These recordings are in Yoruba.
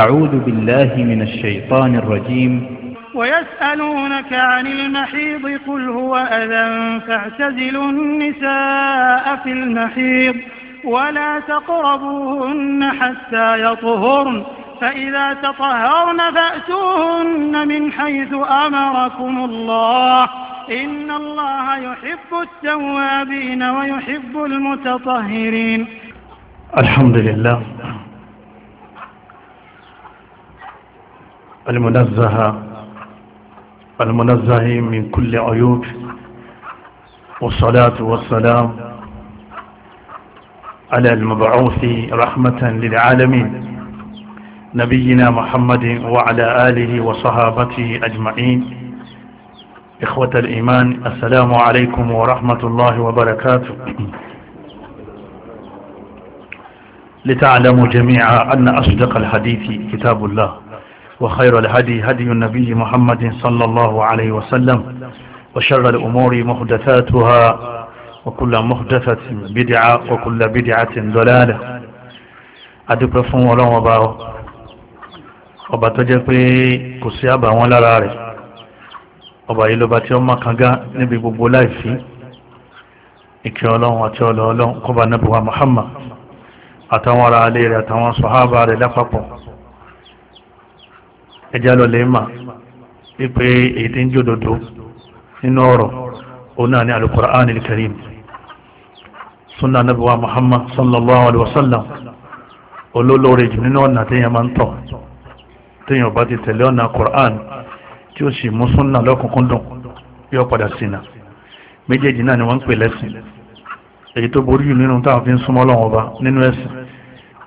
أعوذ بالله من الشيطان الرجيم ويسألونك عن المحيض قل هو أذى فاعتزلوا النساء في المحيض ولا تقربوهن حتى يطهرن فإذا تطهرن فأتوهن من حيث أمركم الله إن الله يحب التوابين ويحب المتطهرين الحمد لله المنزه المنزه من كل عيوب والصلاة والسلام على المبعوث رحمة للعالمين نبينا محمد وعلى آله وصحابته أجمعين إخوة الإيمان السلام عليكم ورحمة الله وبركاته لتعلموا جميعا أن أصدق الحديث كتاب الله وخير الهدي هدي النبي محمد صلى الله عليه وسلم وشر الأمور محدثاتها وكل محدثة بدعة وكل بدعة ضلالة adúpẹ́ fún ọlọ́run ọba ọ ọba tó jẹ́ pé kò sí àbà wọn lára rẹ̀ ọba yìí lọba tí ó máa kanga níbi gbogbo láìsí ìkẹ́ ọlọ́run àti ọlọ́ ọlọ́run kọba nàbùwà Muhammad àtàwọn ará alẹ́ rẹ̀ àtàwọn sọ̀hábà rẹ̀ lápapọ̀ ẹjẹ́ lọ lè mà wípé èyí tí ń jó dodo nínú ọ̀rọ̀ òun náà ní alukur'an al-karim sunna nabuwa muhammad sallallahu alaihi wasallam olólórí jù nínú ọ̀nà téèyàn máa ń tọ̀ téèyàn bá ti tẹ̀lé ọ̀nà quran tí ó sì mú sunna lọ́kùnkúndùn yóò padà ṣìnà méjèèjì náà ni wọ́n ń pè lẹ́sìn èyí tó borí jù nínú táwọn fi ń súnmọ́ Ọlọ́run ọba nínú ẹ̀sìn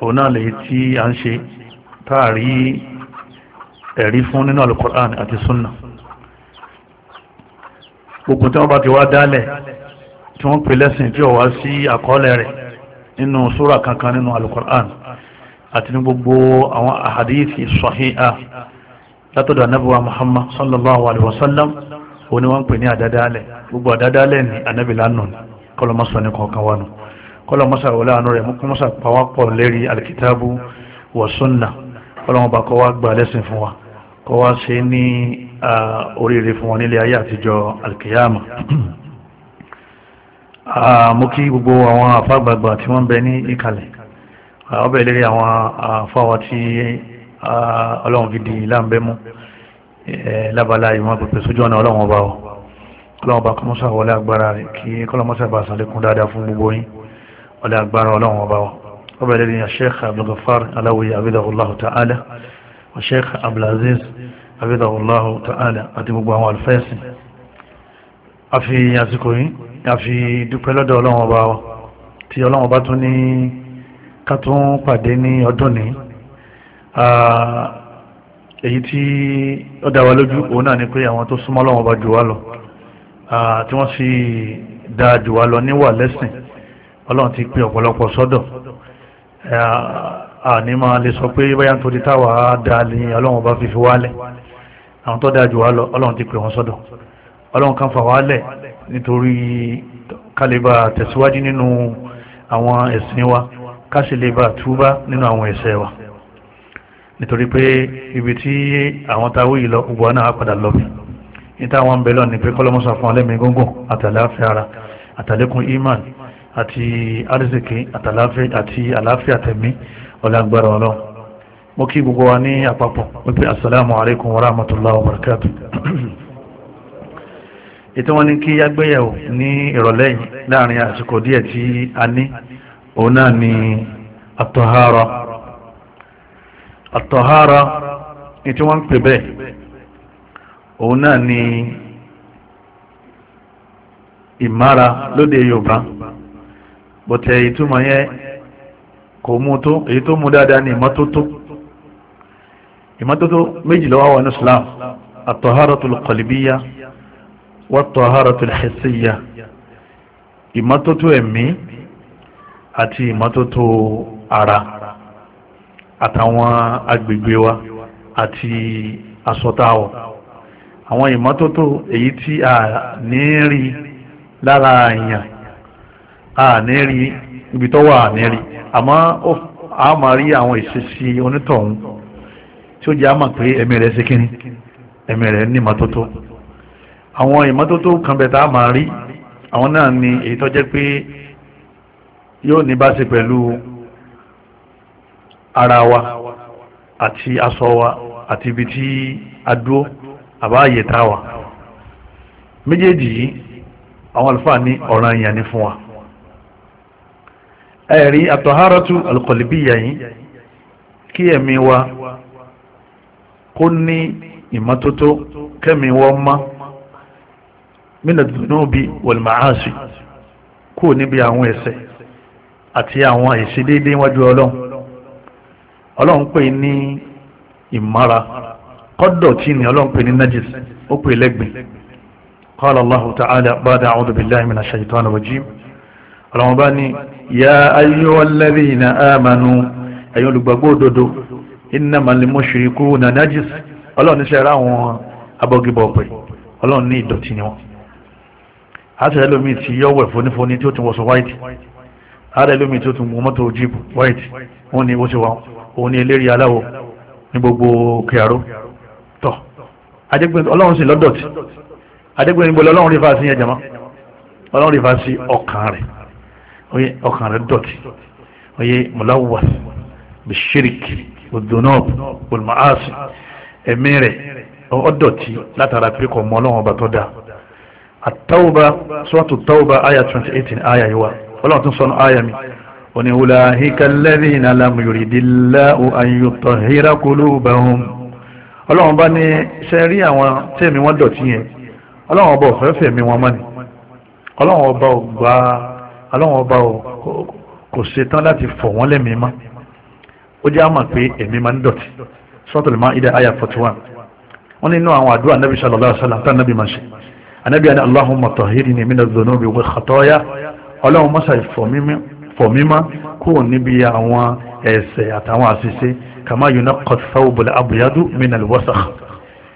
òun náà lèyí tí a ń ṣe táàrí ẹ̀rí fún nínú alukur'an àti sunna gbogbo tí wọ́n bá ti wá dálẹ̀ tí wọ́n pè lẹ́sìn tí ó wá sí àkọọ́lẹ̀ rẹ̀ nínú súra kankan nínú alukur'an àti ní gbogbo àwọn àhàdíìsì sọ̀híà látọ̀dọ̀ anábíwá muhammad sallallahu alaihi wasallam ó ní wọ́n pè ní àdádálẹ̀ gbogbo àdádálẹ̀ ní anábì lánàá kọlọmọsọ ní kọ̀ọ̀kan wa nù kọlọmọsọ àwọn kọ́ wá ṣe ní oríire fún wọn nílé ayé àtijọ́ alkiyama mo kí gbogbo àwọn àfàgbàgbà tí wọ́n ń bẹ ní ìkàlẹ̀ ọbẹ̀ lérí àwọn àfáwà tí ọlọ́run gidi láǹbẹ́ mú lábala ìwọ̀n pẹ̀pẹ̀ sójú ọ̀nà ọlọ́run ọba ọ ọlọ́run ọba kọ́mọ́sà wọlé agbára rẹ̀ kí kọ́lọ́mọ́sà bá sàlékún dáadáa fún gbogbo yín wọlé agbára ọlọ́run ọba ọ ọbẹ̀ lérí Sheikh Abdulgafar aláwòye abidahullahu ta'ala Sheikh Abdulaziz abidahullahu ta'ala àti gbogbo àwọn alfẹ́sì a fi àsìkò yìí a fi dúpẹ́ lọ́dọ̀ ọlọ́run ọba wa tí ọlọ́run ọba tún ní ká tún pàdé ní ọdún ní èyí tí ó dá wa lójú òun náà ni pé àwọn tó súnmọ́ ọlọ́run ọba jù wá lọ tí wọ́n sì dá jù wá lọ níwà lẹ́sìn ọlọ́run ti pè ọ̀pọ̀lọpọ̀ sọ́dọ̀ àní máa lè sọ pé báyà nítorí táwa dá lè ọlọ́run ọba fífi wálẹ̀ àwọn tó dájú wa lọ ọlọ́run ti pè wọ́n sọ́dọ̀ ọlọ́run kan fà wálẹ̀ nítorí kálíbà tẹ̀síwájú nínú àwọn ẹ̀sìn wa kásìlébà túbá nínú àwọn ẹ̀ṣẹ̀ wa nítorí pé ibi tí àwọn táwé yìí lọ gbogbo náà padà lọ bí níta àwọn bẹ̀rẹ̀ ní pé kọ́lọ́mọ́sá fún ọlẹ́mí gógùn àtàláfẹ́ ara àtàlékún iman àti arziki àti àláfẹ́ àtẹ̀mí ọlágbára ọlọ́run mo kí gbogbo wa ní àpapọ̀ wípé assalamu alaikum wa rahmatullahi wa barakatuh ètò wọn ni kí agbéyẹ̀wò ní ìrọ̀lẹ́ yìí láàrin àsìkò díẹ̀ tí a ní òun náà ni àtọ̀hárọ̀ àtọ̀hárọ̀ ní tí wọ́n ń pè bẹ́ẹ̀ òun náà ni ìmára lóde Yorùbá bọ̀tẹ̀ ìtumọ̀ yẹn kò mú tó èyí tó mú dáadáa ní ìmọ́tótó ìmọ́tótó méjì ló wà wà ní islam at-taharatul qalbiya wat-taharatul hissiya ìmọ́tótó ẹ̀mí àti ìmọ́tótó ara àtàwọn agbègbè wa àti asọ́táwọ̀ àwọn ìmọ́tótó èyí tí a ní rí lára èèyàn a ní rí ibi tó wà ní rí àmọ́ a máa rí àwọn ìṣesí onítọ̀hún tí ó jẹ́ àmà pé ẹ̀mí rẹ̀ ṣe kíni ẹ̀mí rẹ̀ ní ìmọ́tótó àwọn ìmọ́tótó kan bẹ̀ tá a máa rí àwọn náà ni èyí tó jẹ́ pé yóò ní bá ṣe pẹ̀lú ara wa àti aṣọ wa àti ibi tí a dúró àbá àyè tá a wà méjèèjì yìí àwọn àlùfáà ní ọ̀ràn ìyàn ni fún wa ẹ̀rí àtọ̀hárọ́tù alqalbiyya yìí kí ẹ̀mí wa kó ní ìmọ́tótó kẹ́mi wọ́n mọ́ mina dunubi wal maasi kúrò níbi àwọn ẹ̀ṣẹ̀ àti àwọn àìṣedéédé wájú ọlọ́run ọlọ́run pè ní ìmára kọ́dọ̀ tí ni ọlọ́run pè ní najis ó pè lẹ́gbìn qala Allahu ta'ala ba'da a'udhu billahi minash shaitanir rajim ọlọ́run bá ní ya ayyuhal ladhina amanu ẹ̀yin innamal mushrikuna najis ọlọ́run níṣẹ́ ra àwọn abọ́gibọ̀pẹ̀ ọlọ́run ní ìdọ̀tí ni wọn àti ẹlòmíì tí yọ̀wẹ̀ fónífóní tí ó ti wọṣọ white àti ẹlòmíì tí ó ti mú mọ́tò jeep white wọn ni wọ́n ṣe wà òun ni eléré aláwọ̀ ní gbogbo kẹ̀rọ tọ̀ adégbèǹ ọlọ́run sì lọ́dọ̀tí adégbèǹ gbọ́dọ̀ ọlọ́run rí fàásì yẹn jama ọlọ́run rí fàásì ọkàn rẹ̀ ọkàn rẹ̀ dọ̀tí òdùnọ́b olùmọ̀ọ́sì ẹ̀mí rẹ̀ ọ̀dọ̀tí látara pé kò mọ ọlọ́run ọba tó dáa àtàwùbá sọ́ọ̀tù tàwùbá àyà twenty eighteen àyà yìí wá ọlọ́run tún sọnù àyà mi òní wùlà híkàlẹ́rì ìnàlámù yorùdílá àyùtọ̀ hírákùlù bàhùn ọlọ́run bá ní iṣẹ́ rí àwọn tẹ́ẹ̀mí wọn dọ̀tí yẹn ọlọ́run ọba ọ̀fẹ́fẹ́ mi wọn mọ́ni ọlọ́run ọba ọ̀gbà ọlọ́run ọba kò ṣetán láti fọ̀ wọ́n lẹ́mìí mọ́ ó jẹ́ àmà pé ẹ̀mí máa ń dọ̀tí suratul Maida àyà 41 wọ́n nínú àwọn àdúrà anábì sallallahu alaihi wasallam tá anábì máa ṣe anábì àni Allahumma tahhirni mina dhunubi wa khataya ọlọ́run mọ́sà fọ̀mímá kúrò níbi àwọn ẹ̀ṣẹ̀ àtàwọn àṣìṣe kama yunaqqa ath-thawbu al-abyadu mina al-wasakh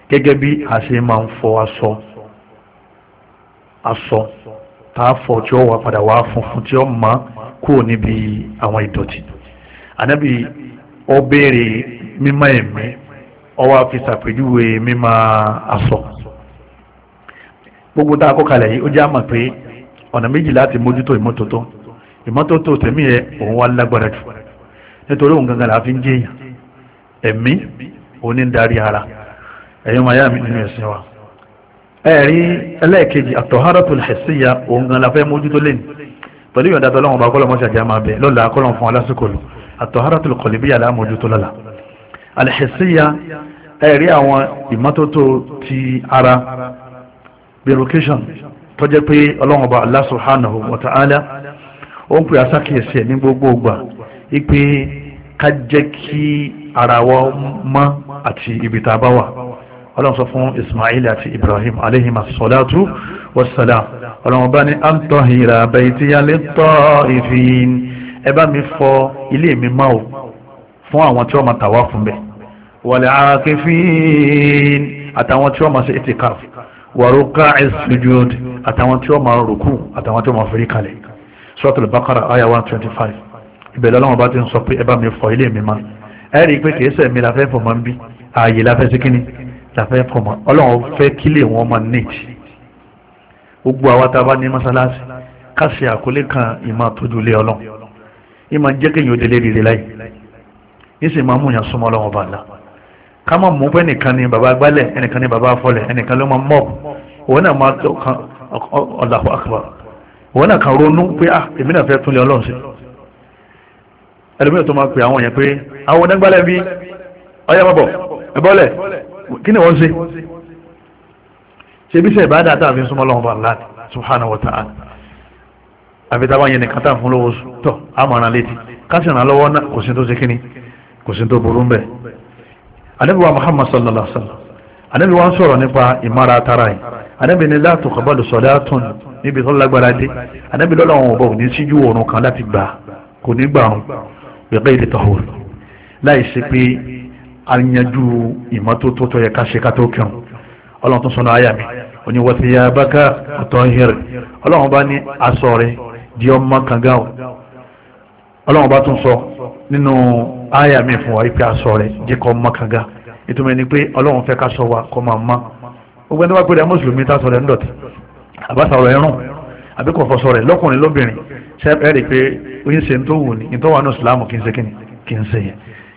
gẹ́gẹ́ bí a ṣe máa ń fọ aṣọ aṣọ tá a fọ tí ó wà padà wá funfun tí ó máa kúrò níbi àwọn ìdọ̀tí anábì ó béèrè mímọ́ ẹ̀mí ó wá fi ṣàpèjúwe mímọ́ aṣọ gbogbo tá a kọ́ kalẹ̀ yìí ó jẹ́ àmọ̀ pé ọ̀nà méjì láti mójútó ìmọ́tótó ìmọ́tótó tẹ̀mí ẹ̀ òun wá lágbára jù nítorí òun gangan làá fi ẹ̀mí òun ní darí ara ẹ̀yọ́ mi nínú ẹ̀sìn wa ẹ̀rí ẹlẹ́ẹ̀kejì àtọ̀hárọ̀tò lẹ́sìyà òun gan la fẹ́ mójútó lẹ́nu pẹ̀lú ìyọ̀ndà tó lọ́wọ́n bá kọ́lọ́mọ́sàjà máa bẹ̀ lọ́la kọ́lọ́mọ́ fún alásìkò lò àtọ̀hárátùlù kọ̀lẹ́bíyà lámójútó lọ́la alẹ́hẹ̀síyà ẹ̀rí àwọn ìmọ́tótó ti ara bilocation tọ́jẹ́ pé ọlọ́run ọba Allah subhanahu wa ta'ala ó ń pè asákìyèsí ẹ̀ ní gbogbo ìgbà ipe ká jẹ́ kí ara wa mọ́ àti ibi tá a bá wà ọlọ́run sọ fún Ismail àti Ibrahim alayhim as-salatu ọlọ́run ọba ní antahira baytiya lit-ta'ifin ẹ bá mi fọ ilé mi mọ́ o fún àwọn tí wọ́n máa tàwa fún bẹ́ẹ̀ wal aakifin àtàwọn tí wọ́n máa ṣe itikaf wa ruka'i sujud àtàwọn tí wọ́n máa rùkú àtàwọn tí wọ́n máa forí kalẹ̀ suratul baqara aya one twenty five ìbẹ̀lẹ̀ ọlọ́wọ́n bá ti ń sọ pé ẹ bá mi fọ ilé mi mọ́ ẹ rí i pé kìí sẹ̀mí la fẹ́ fọ mọ́ ń bí ààyè la fẹ́ sí kínní la fẹ́ fọ ọlọ́wọ́n fẹ́ kílè wọn máa níjì gbogbo àwa tá a bá ní mọ́sálásí ká ṣe àkólé kan ìmọ̀ àtọ́jú ilé ọlọ́run ní ma jẹ́ kéèyàn délé rere láyé ní sì máa mú yàn súnmọ́ ọlọ́wọ́n bá la ká má mú pé nìkan ni bàbá gbálẹ̀ ẹnìkan ni bàbá fọlẹ̀ ẹnìkan ló máa mọ̀ òun náà máa kan Allahu akbar òun náà kan ronú pé ah èmi náà fẹ́ tún lé ọlọ́run sí ẹlòmíràn tó máa pè àwọn yẹn pé àwọn onígbálẹ̀ bí ọyá bọ̀ ẹbọ́lẹ̀ kí ni wọ́n ṣe ṣe bí sẹ́ ìbáradà tá súnmọ́ ọlọ́run bá la subhanahu wa ta'ala àfi tá a bá yẹn nìkan tá à ń fún lówó tọ̀ á mọ̀ ràn létí ká sì ràn lọ́wọ́ náà kò sí tó ṣe kíni kò sí tó burú bẹ́ẹ̀. ànábì wa muhammad sallallahu alaihi wa sallam ànábì wa sọ̀rọ̀ nípa ìmára tara yìí ànábì ni la tuqbalu salatun níbi tó lágbára dé ànábì lọ́la wọn ọba ò ní síjú òrùn kan láti gbà kò ní gbà wọn bi ghayri tahur láì ṣe pé ayanjú ìmọ́tótó tó yẹ ká ṣe ká tó kírun ọlọ́run tó sọnù àyà mi òní wọ́n ti yá bákà ọ̀tọ̀ hẹ́rẹ̀ ọlọ́run bá ní aṣọ di ọmọ kànga o ọlọ́run bá tún sọ nínú àyà mi fún wa ipe aṣọ rẹ̀ jẹ́ kọ́ ọmọ kànga ìtumọ̀ ẹni pé ọlọ́run fẹ́ ká sọ wa kọ́ máa ma gbogbo ẹni wá pé rẹ̀ mùsùlùmí tá a sọ rẹ̀ ń dọ̀tí àbáṣàrọ̀ ẹ̀rùn àbí kò fọṣọ rẹ̀ lọ́kùnrin lóbìnrin ṣẹ́ẹ́ rí i pé oyin ṣe ń tó wù ní ìtọ́wà náà sùlámù kì í ṣe kì í ṣe yẹn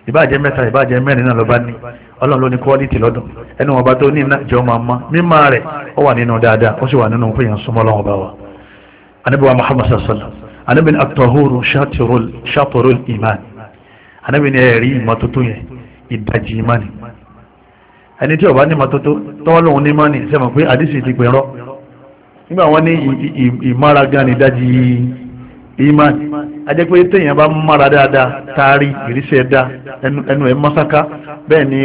ìbáàjẹ́ mẹ́ta ìbáàjẹ́ mẹ́rin náà ló bá ní ọlọ́run ló ní quality lọ́dún ẹnu ọba tó ní ìjọ máa ma mímá rẹ̀ ó wà nínú dáadáa ó sì wà nínú fìyàn súnmọ́ ọlọ́run ọba wa anabi wa muhammad sallallahu alaihi wasallam anabi ni atahuru shatirul shatirul iman anabi ni ẹ̀rí ìmọ́tótó yẹn ìdajì imani ẹni tí ó bá ní ìmọ́tótó tọ́wọ́ lòun ní imani sẹ́mọ̀ pé àdìsí ti pẹ̀rọ nígbà wọn ní ìmára gan ni ìdajì imani ajẹ́ pé téèyàn bá mára dáadáa taari ìrísẹ́ dá ẹnu ẹ̀ mọ́sáká bẹ́ẹ̀ ni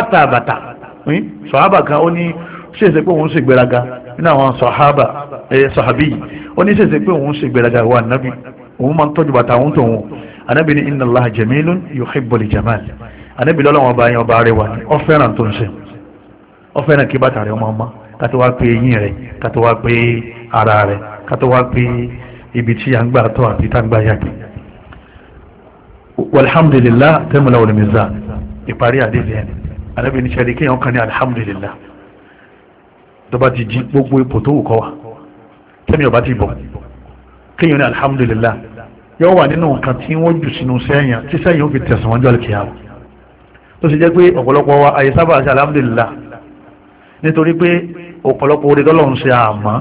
àtàbàtà hmm? sọ̀hábà kan ó ní ṣe é ṣe pé òun ṣe gbéraga nínú àwọn sahaba ẹ sahabi yìí ó ní ṣe é ṣe pé òun ṣe gbéraga wa nabi òun máa ń tọ́jú bàtà òun tó òun anabi ní inna allah jamilun yuhibbul jamal anabi lọ́lọ́wọ́n ọba yẹn ọba rẹ wà ní ọ̀fẹ́ràn tó ń ṣe ọ̀fẹ́ràn kí bàtà rẹ ọmọ ọmọ kátó wá pé eyín rẹ kátó wá pé ara rẹ kátó wá pé ibi tí à ń gbà tó àti tá ń gbà yàgbé walhamdulillah tẹ́mọ̀lá olùmíza ìparí àdéhùn yẹn anabi ní sẹ́ni kéèyàn kan ní alhamdulillah tó bá ti jí gbogbo ipò tó wù kọ́ wa tẹ́mi ọba ti bọ̀ kéèyàn ní alihamudulilayi yóò wà nínú nǹkan tí wọ́n jù sínú sẹ́yìn tí sẹ́yìn ó fi tẹ̀sán wọn jọ àlùkìyàwó tó sì jẹ́ pé ọ̀pọ̀lọpọ̀ wa àyè sábà ṣe alihamudulilayi nítorí pé ọ̀pọ̀lọpọ̀ orí tọ́lọ́run ṣe àmọ́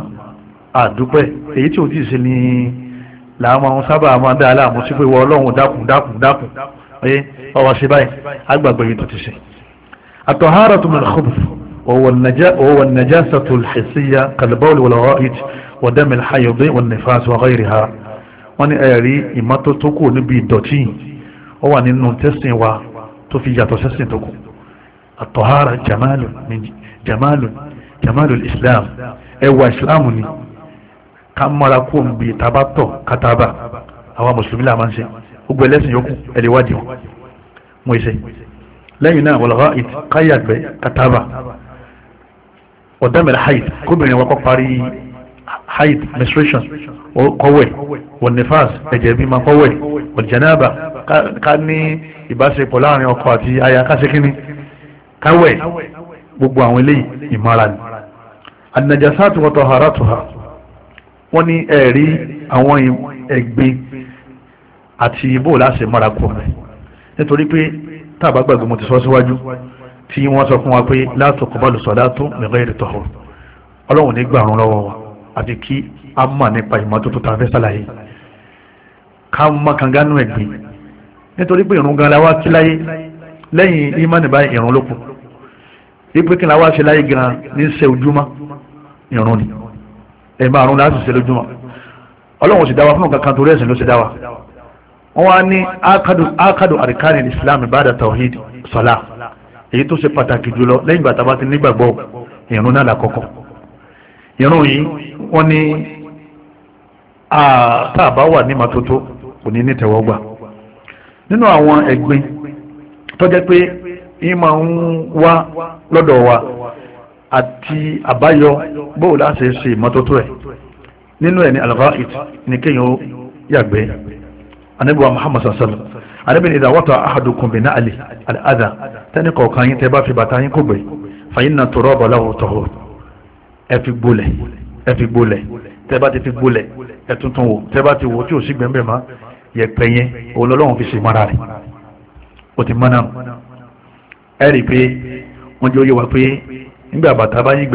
àdúpẹ́ èyí tí ò tíì ṣe ni làwọn sábà máa dá aláàmú sí pé wọ́n ọlọ́run dákun dákun dákun ọwọ́ ṣe báyìí agbàgbọ́ yìí tó ti ṣe àtọ̀hárọ̀ tó mẹ́rin kọ́bùfù وهو, النجا وهو النجاسة الحسية كالبول والغائج ودم الحيض والنفاس وغيرها wọ́n ní ẹ̀rí ìmọ́tò tó kù níbi ìdọ̀tí ó wà nínú tẹ́sìn wa tó fi yàtọ̀ sẹ́sìn tó kù àtọ̀hárà jamalu jamalu jamalu islam ẹwà islam ni ká mọ́ra kó ń bi tabatọ̀ kátàbà àwa mùsùlùmí là máa ń ṣe gbogbo ẹlẹ́sìn yòókù ẹ̀lẹ́wádìí wọn mo ṣe lẹ́yìn náà wọ̀lọ́wọ́ káyàgbẹ́ kátàbà ọ̀dàmẹ̀rẹ̀ haid kóbìnrin wa kọ́ parí haid menstruation kọ́wẹ̀ wọ́n nifas ẹ̀jẹ̀ bímọ kọ́wẹ̀ wọ́n janaba ká ní ìbáṣepọ̀ láàrin ọkọ àti aya ká ṣe kínní káwẹ̀ gbogbo àwọn eléyìí ìmọ̀ra ni an-najasatu wa taharatuha wọ́n ní ẹ̀rí àwọn ẹ̀gbin àti ibò láṣẹ mọ́ra kù nítorí pé tá a bá gbàgbé mo ti sọ síwájú tí wọ́n sọ fún wa pé la tuqbalu salatu min ghairi tahur ọlọ́run ní gbàrún lọ́wọ́ wa àti kí a mọ̀ nípa ìmọ́tótó tá a fẹ́ sàlàyé ká mọ̀ kangánú ẹ̀gbìn nítorí pé ìrún gan la wá kí láyé lẹ́yìn ìmánì báyìí ìrún ló kù ipò kí la wá ṣe láyé gan ní ṣe ojúmọ́ ìrún ni ẹ̀ma àrùn láti ṣe lójúmọ́ ọlọ́run sì dá wa fún kankan torí ẹ̀sìn ló ṣe dá wa wọ́n wá ní akadu akadu àríkánì islam ibada tawhid salah èyí tó ṣe pàtàkì jùlọ lẹ́yìn ìgbà tábà ti nígbàgbọ́ ìrún náà lákọ̀ọ́kọ́ ìrún yìí wọ́n ní tá a bá wà ní màtótó kò ní nítẹ̀wọ́gbà nínú àwọn ẹ̀gbin tọ́jẹ́ pé yín máa ń wá lọ́dọ̀ wa àti àbáyọ bóò láti ṣe ìmọ́tótó ẹ̀ nínú ẹ̀ ní algha'it ní kéèyàn yàgbẹ́ anábíwá muhammad sallallahu alaihi wa sallam àdébìnrin ìdáwọ́tọ̀ ahadukum bi a al-adha tẹ́ni kọ̀ọ̀kan yín tẹ́ bá fi bàtà yín kó gbé na inna turaba lahu tahur ẹ efi gbolẹ̀ ẹ fi gbolẹ̀ tẹ́ ti fi tuntun ti fi o ti mọ́nà ẹ rí pé wa pé nígbà bá yín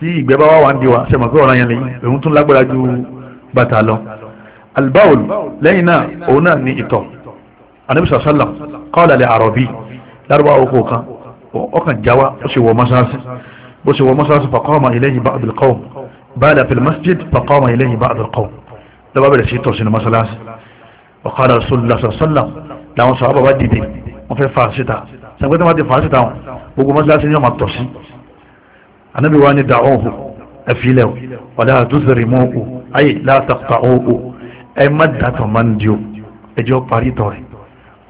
tí wa pé ọ̀ràn yẹn lè òun albaul lẹ́yìn náà òun náà ní ìtọ̀ anabisa sallam kọ́ọ̀lá lẹ́ àrọ̀bí lárúbá oko kan ọkàn jáwá ó sì wọ mọ́sáàsì bó sì wọ mọ́sáàsì fàkọ́ọ̀mà ilayhi ba'd al-qawm bala fil masjid fàkọ́ọ̀mà ilayhi ba'd al-qawm lọ́ba bẹ̀rẹ̀ sí tọ̀ sínú mọ́sáàsì ọ̀kadà sọlọ́sọ sọlọ́m làwọn sọ àbàbà dìde wọ́n fẹ́ fà síta sàgbẹ́tẹ́ wọn ti fà síta wọn gbogbo mọ́sáàsì ni wọ́n máa tọ̀ anabi wa ni da'uhu ẹ̀fílẹ̀ wàlá àdúzẹ̀rìmọ́ọ̀kù ayé látàkùtà ọ̀ọ̀kù ẹ má dàtọ̀ máa ń di o ẹjọ́ parí tọ̀ rẹ̀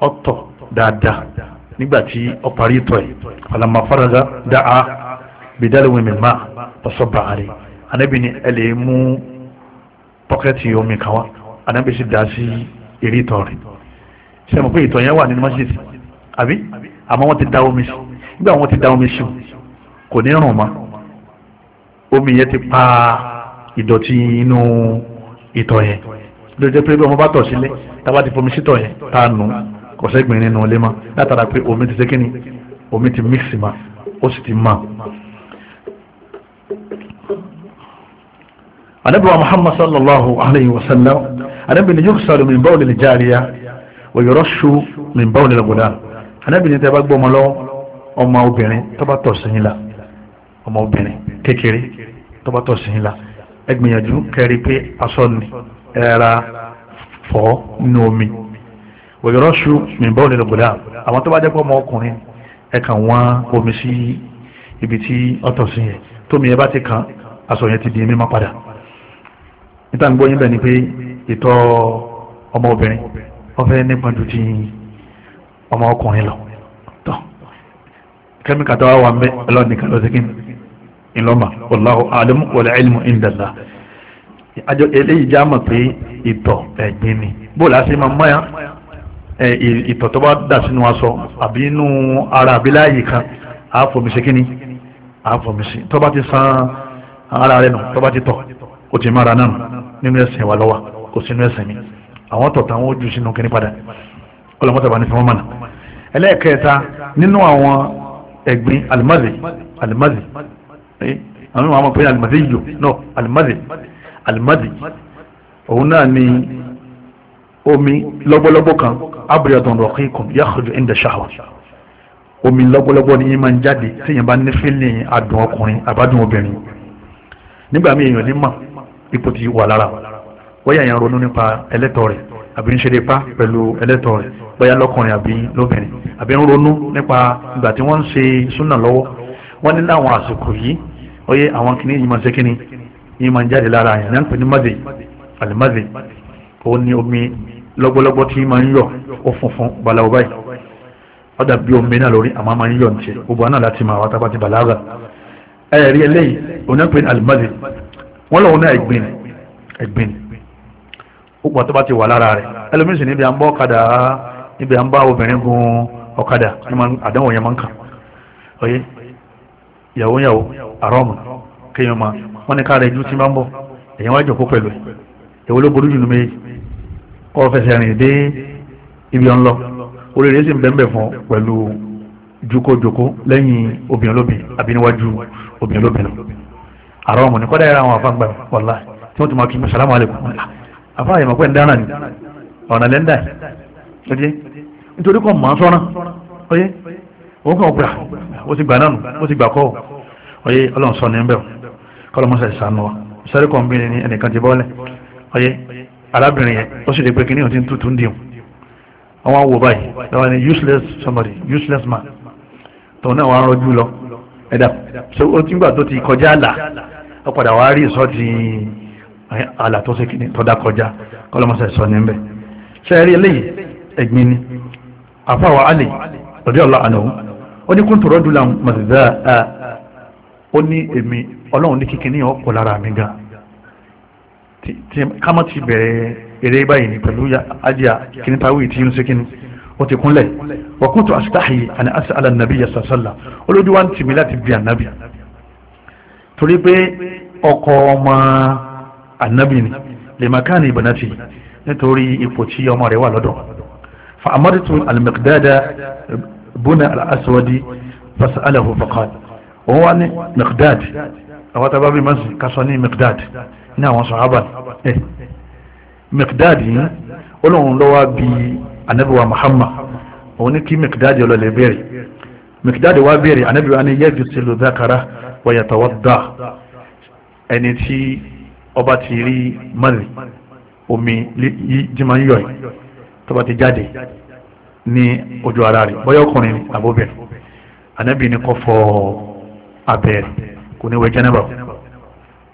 ọ̀tọ̀ dáadáa nígbà tí ọ parí tọ̀ ẹ̀ falama faraga dáa bidaliwe mi ma ọsọ baari anabi ni ẹ lè mú pọkẹ́tì omi kan wá anabi sì dá sí eré ìtọ̀ rẹ̀ ṣe mọ̀ pé ìtọ̀ yẹn wà nínú masjid àbí àmọ́ wọ́n ti dá omi sí nígbà wọ́n ti dá omi sí kò ní rùn mọ́ omi yẹn ti pa ìdọ̀tí inú ìtọ̀ yẹn ló jẹ́ pé bí ọmọ bá tọ̀ sílé tába ti fomi sítọ̀ yẹn tá a nù kò sẹ́gbìn nínú ilé mọ́ látara pé omi ti sékìní omi ti mix ma ó sì ti ma. anabi muhammad sallallahu alayhi wa sallam anabi ni yughsalu min bawli al-jariya wa yurashu min bawli al-ghulam anabi ni tẹ́ bá gbọ́ ọmọ ọmọ obìnrin tó bá sí yín la ọmọ obìnrin kékeré tó bá sí yín la ẹ gbìyànjú kẹrí pé aṣọ ni era fọ́ nínú omi wẹ̀rọ̀ṣù mìíràn nínú gbọ̀dá àwọn tó bá jẹ́ pọ́ ọkùnrin wọ́n omi sí ibi tí ọ̀tọ̀ to yẹn tómi ti kàn aṣọ yẹn ti di mímọ́ padà níta ń gbọ́ yín bẹ́ẹ̀ ni pé ìtọ̀ ọmọbìnrin ọ̀fẹ́ nípa ju ti ọmọ ọkùnrin lọ tán kẹ́míkà tó wà wà ń bẹ́ ọlọ́ọ̀nìkan lọ́sẹ̀kìn ńlọ́mà wallahu àjọ eléyìí já mọ̀ pé ìtọ̀ ẹ̀gbin ni bó la ṣe máa mọ́yá ìtọ̀ tó bá dà sínú aṣọ àbí inú ara àbí láàyè kan àáfòmíṣe kíni àáfòmíṣe tó bá ti san ara rẹ̀ nù tó bá ti tọ̀ ó ti mára náà nínú ẹ̀sìn wa lọ́wọ́ kò sínú ẹ̀sìn mi àwọn tọ̀tà wọn ó ju sínú kíní padà ọlọ́mọ́tàbà ní fún mọ́nà ẹlẹ́ẹ̀kẹta nínú àwọn ẹ̀gbin alimazi alimazi àwọn ọmọ pé alimazi yìí yò náà alimazi alimadi òun náà ni omi lọ́gbọ́lọ́gbọ́ kan abúlé-ọ̀dàn rọ̀kì kan yàgòdò ẹ̀ndẹ̀ ṣáwà omi lọ́gbọ́lọ́gbọ́ ni yín máa ń jáde téèyàn bá ní fílẹ̀ adùn ọkùnrin àbádùn obìnrin nígbà míì èèyàn ní mà ipò ti wà lára wọ́n yẹn ronú nípa ẹlẹ́tọ̀ rẹ̀ àbí ń ṣeré pa pẹ̀lú ẹlẹ́tọ̀ rẹ̀ bóyá lọ́kùnrin àbí lóbìnrin àbí ń ronú nípa ìgbà tí wọ́n ń ṣe súnà lọ́wọ́ wọ́n ní láwọn àsìkò yìí ó yẹ àwọn kìnìún yìí máa ṣe kìnìún ní máa ń jáde lára yẹn náà ń pè ní mazi alimazi ó ní omi lọ́gbọ́lọ́gbọ́ tí máa ń yọ ó funfun balawo báyìí ó dàbí omi náà lórí àmọ́ máa ń yọ nìṣe gbogbo àná láti máa wá tábà ti bàlágà ẹ̀rí eléyìí òun náà ń pè ní alimazi wọ́n lọ́wọ́ náà ẹ̀gbìn ẹ̀gbìn ó pọ̀ tó bá ti wà lára rẹ̀ ẹlòmíràn níbi à ń bọ́ ọ̀kadà níbi à ń bá obìnrin gun ọ̀kadà àdánwò yẹn máa ń kà wọ́n ní káàrẹ̀ ju tí máa ń bọ̀ èyàn wájú òkú pẹ̀lú èwo ló borí jùlọ méjì kọ́ fẹsẹ̀ rìn dé ibi ọ̀n lọ oríire sì ń bẹ́ẹ̀ fún pẹ̀lú jókòjókò lẹ́yìn obìnrin lóbìn àbí níwájú obìnrin lóbìn àrọ́ ọmọ ní kọ́dá yẹra àwọn afáǹgbà wàlá tí wọ́n ti máa kí mọ́ sàlámù alẹ́kùn afá ah, àyẹ̀mọ̀ pẹ́ ń dáná ni ọ̀nà lẹ́ńdà ọdí nítorí kan mọ̀ sọ́nà ọyẹ́ òun kàn gbà ah, ó ti gbà náà ó ti gbà kọ́ ọyẹ́ ọlọ́run sọ ní ń bẹ̀rù kọlọmọsà ìsànù wa sáré kọ̀ǹbìnrin ni ẹnìkan ti bọ́lẹ̀ ọyẹ arábìnrin yẹn ó sì lè pé kìnìún ti ń tutù ń dìhùn àwọn wò báyìí lọ́wọ́ ni useless somebody useless man tòun náà wà á rọjú lọ ẹ̀dá so ó ti ń gbà tó ti kọjá àlà ó padà wá rí ìsọ́ ti àlà tó ṣe kìnìún tọ́da kọjá kọlọmọsà ìsọ ní bẹ́ẹ̀ sẹ́ẹ̀rí eléyìí ẹ̀gbin ni àfàwọ̀ àlè ọ̀dẹ́ ọ̀la àná ó ní kúntùrọ́dúnlá mọ̀tẹ́dá ó ní èmi ọlọ́run ní kíkiní ọ̀pọ̀ lára mi gan ká má ti bẹ̀rẹ̀ eré báyìí ní pẹ̀lú ajá kíní táwí tí yín ṣe kíní ó ti kúnlẹ̀ wa kuntu astahi àni asa ala nàbí yasa sálà olójú wa ń tì mí láti bí ànábì torí pé ọkọ ọmọ ànábì ni lè má káàní ìbànátì nítorí ipò tí ọmọ rẹ̀ wà lọ́dọ̀ fa amaditu al-Miqdada buna al-Aswadi fasalahu faqad òun wá ní Miqdad àwọn tàbá bí máa ń kásọ ní Miqdad ní àwọn sàhábà ẹ Miqdad yìí olóhùn lọ́wọ́ bí anabiwa Muhammad òun ní kí Miqdad yọ lọlẹ̀ bẹ̀rẹ̀ Miqdad wá bẹ̀rẹ̀ anabiwa ní yaghsilu dhakara wa yatawadda ẹni tí ọba ti rí mọ́lì omi jimá yíyọ yìí tọba ti jáde ní ojú ara rẹ̀ bọ́yọ̀ ọkùnrin àbóbẹ̀ anabi ní kò fọ́ọ́ abẹ́ kò ní wẹ̀ jẹ́nẹ́bà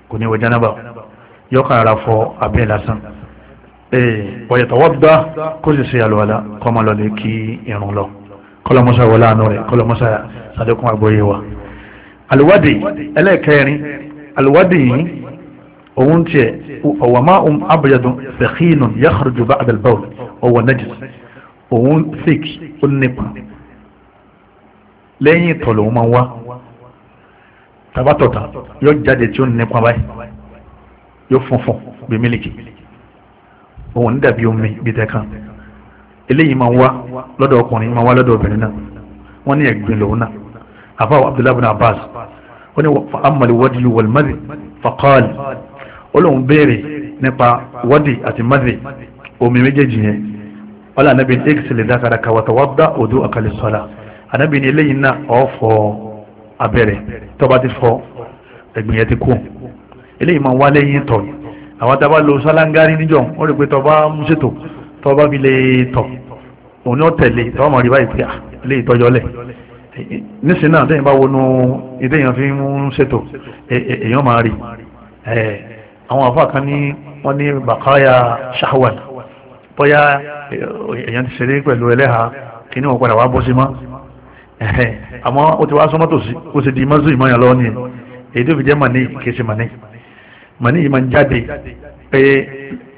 kò ní wẹ̀ jẹ́nẹ́bà yọkàn ara fọ abẹ́ lásán wọ́n yẹtọ̀ wọ́n gbá kó sì ṣe àlùwàlá kọ́ máa lọlé kí irun lọ kọ́lọ́mọ́sá wọlé àánú rẹ̀ kọ́lọ́mọ́sá sàdékùn àgbóyé wa àlùwádìí ẹlẹ́ẹ̀kẹrin àlùwádìí yìí òun tiẹ̀ ọ̀wà máa ń abúyadùn fẹ̀kínù yàkàrùjù bá abẹ́lbáwò ọ̀wà najis òun fèkì ó nípa lẹ́yìn ìtọ̀ lòun wá tàbá tọ̀tà yóò jáde tí ó nípa báyìí yóò funfun bí mílíkì òun ní dàbí omi bí tẹ̀kan eléyìí máa wá lọ́dọ̀ ọkùnrin máa wá lọ́dọ̀ obìnrin náà wọ́n ní ẹ̀gbìn lòun náà àfáà abdullahi bin abbas wọ́n ní amali wadi wal madhi faqal olóhùn béèrè nípa wadi àti madhi omi méjèèjì yẹn wọ́n lànà bí ní ẹ̀gìsì lè dákàrà kàwàtà wàbdà odò àkàlẹ̀ ní eléyìí náà ọ̀fọ̀ọ́ abẹ́rẹ́ tó bá ti fọ ẹ̀gbìn yẹn ti kú eléyìí máa wá lẹ́yìn tọ̀ àwọn tá a bá lo sálángárì níjọ ó rí i pé tó bá ń ṣètò tó bá fi lè tọ̀ òun ni ó tẹ̀lé tó bá mọ̀ rí báyìí pé ah, eléyìí tọ́jọ́ lẹ̀ nísìnyí náà téèyàn bá wọnú ìdéyàn fi ń ṣètò e, e, èèyàn máa rí àwọn àfa kan ní wọ́n ní bàkáyà ṣáwàl bóyá e, èèyàn ti ṣeré pẹ̀lú ẹlẹ́ha kí ni wọ́n padà wá bọ́ sí mọ́ àmọ́ o ti wá sọ mọ́tò sí ó sì di mọ́sùn ìmọ̀ yàn lọ́wọ́ ni èyí tó fi jẹ́ màní kìí ṣe màní màní yìí máa ń jáde pé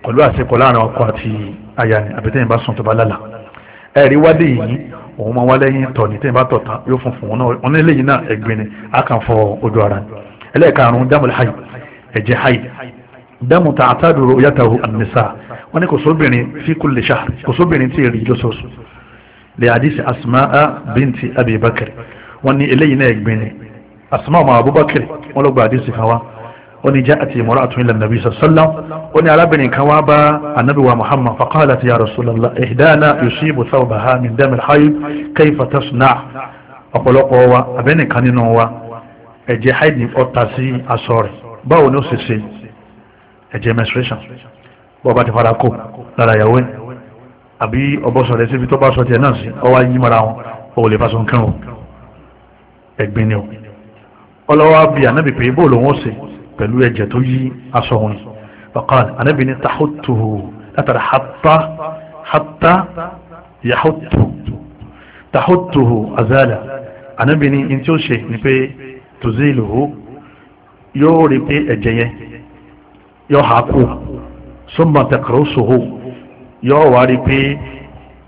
pẹ̀lú àṣekọ̀ láàrin ọkọ àti aya ni àbí tẹ́yìn bá sùn tó bá lálà ẹ̀rí wádé yìí òun máa wá lẹ́yìn tọ̀ ní tẹ́yìn bá tọ̀ tán yóò fún fún òun náà lẹ́yìn náà ẹ̀gbin ni á kàn fọ ojú ara ni ẹlẹ́ẹ̀karùn-ún dámọ̀lẹ́ hayi ẹ̀jẹ̀ hayi dámọ̀ tààtàdùrọ̀ yàtàwó àmì sáà wọ́n ní kò sóbìnrin fi kulli shahr lóṣooṣù lè àdísì asmaa bíntì abibakar wọ́n ní eléyìí náà gbin ni asmaa ọmọ abubakar wọ́n ló gba àdísì kan wá ó ní ja'at imra'atun ila nabi sallam ó ní arábìnrin kan wá bá anabi wa muhammad faqalat ya rasulallah ihdana yusibu thawbaha min dam al-hayd kayfa tasna' ọ̀pọ̀lọpọ̀ wa abẹ́nìkan nínú wa ẹ̀jẹ̀ haid ọ̀tà sí aṣọ rẹ̀ báwo ni ó ṣe ṣe ẹ̀jẹ̀ menstruation bọ́ọ̀ bá ti fara kó lára yàwó ẹ̀ àbí ọbọ̀sọ̀ rẹ̀ síbi tó bá sọ tiẹ̀ náà sí ọwọ́ ayé mara wọn ò lè fásọ nǹkan o ẹ̀gbin ni o ọlọ́wọ́ bíi ànábì pé bóòlù wọn ṣe pẹ̀lú ẹ̀jẹ̀ tó yí aṣọ wọn faqal ànábì ní tahutuhu látara hatta hatta yahutu tahutuhu azala ànábì ní in tí ó ṣe ni pé tuziluhu yóò rí pé ẹ̀jẹ̀ yẹn yóò hà kú summa taqrusuhu yóò wá rí pé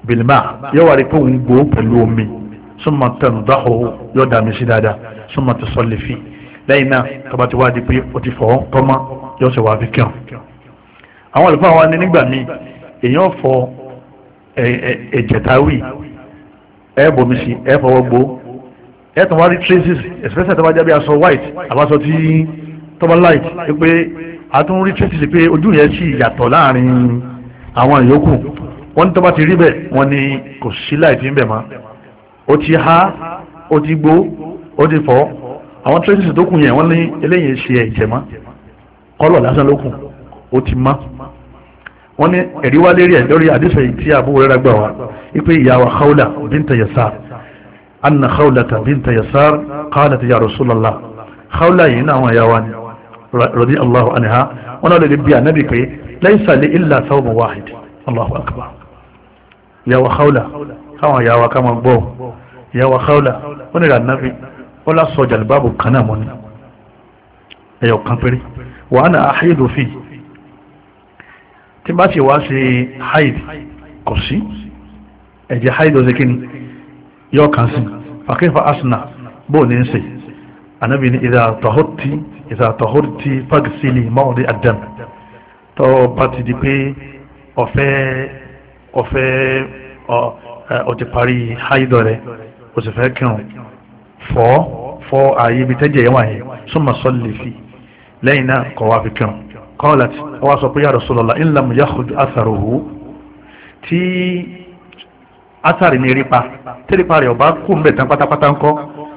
bilima yóò wá rí pé òun gbó pẹ̀lú omi súnmọ́ tẹnu dáhùn yóò dàmí sí dáadáa súnmọ́ ti sọ́lé fi lẹ́yìn náà tọba ti wá di pé ó ti fọ́ tọ́mọ́ yóò sì wá fi kírun. àwọn àlùfáà wa ní nígbà míì èèyàn fọ ẹ̀jẹ̀táwì ẹ̀ bomi sí ẹ̀ fọwọ́ gbó ẹ̀ tún wá rí traces especially tọba jábí aṣọ white àbáṣọ tí tọba light pé a tún rí traces pé ojú yẹn sì yàtọ̀ láàrin àwọn ìyókù wọ́n tó bá ti rí bẹ́ẹ̀ wọ́n ní kò sí láì fi ń bẹ̀ mọ́ ó ti há ó ti gbó ó ti fọ́ àwọn tírẹ́sìsì tó kù yẹn wọ́n ní eléyìí ṣe ẹ̀jẹ̀ mọ́ kọ́lọ̀ lásán ló kù ó ti mọ́ wọ́n ní ẹ̀rí wá lérí ẹ̀ lórí àdìsẹ̀ tí Abu Hurairah gbà wá ipe ìyá wa Khawla bínta Yasar anna Khawlata bínta Yasar qalat ya Rasulullah Khawla yìí náà àwọn ìyá wa ni radiyallahu anha wọ́n náà lè bí ànábì pé laysa li illa thawbun wahid Allahu akbar ìyàwó haula káwọn ìyàwó ká máa gbọ́ ìyàwó haula ó ní ìrànnáfi ó lásọ jàlùbáàbù kan náà mọ́ ni ẹ̀yọ̀ kan péré wà á náà àhídò fi tí bá ti wá sí haid kò sí ẹ̀jẹ̀ haid ọ̀sẹ̀ kí ni yọ kan sí fàkẹ́fà asna bóò ní ń sè ànábì ní ìdá tọ̀hórtì ìdá fagsili mọ́ọ̀dí àdàmù tó bá ti di pé ọ̀fẹ́ ọ̀fẹ́ ọ̀tí parí haidọ̀ rẹ̀ o sì fẹ́ kírun fọ́ fọ́ ààyè ibi tẹ́jẹ̀ yẹn wà yẹn súnmọ́ sọ́lì fi lẹ́yìn náà kọ̀ wá fi kírun kọ́ọ̀lá tí ó wá sọ pé ya Rasulullah in lam yakhud atharuhu tí atharu ní rípa tẹ́rípa rẹ̀ ọba kú mbẹ̀ tán pátápátá ńkọ́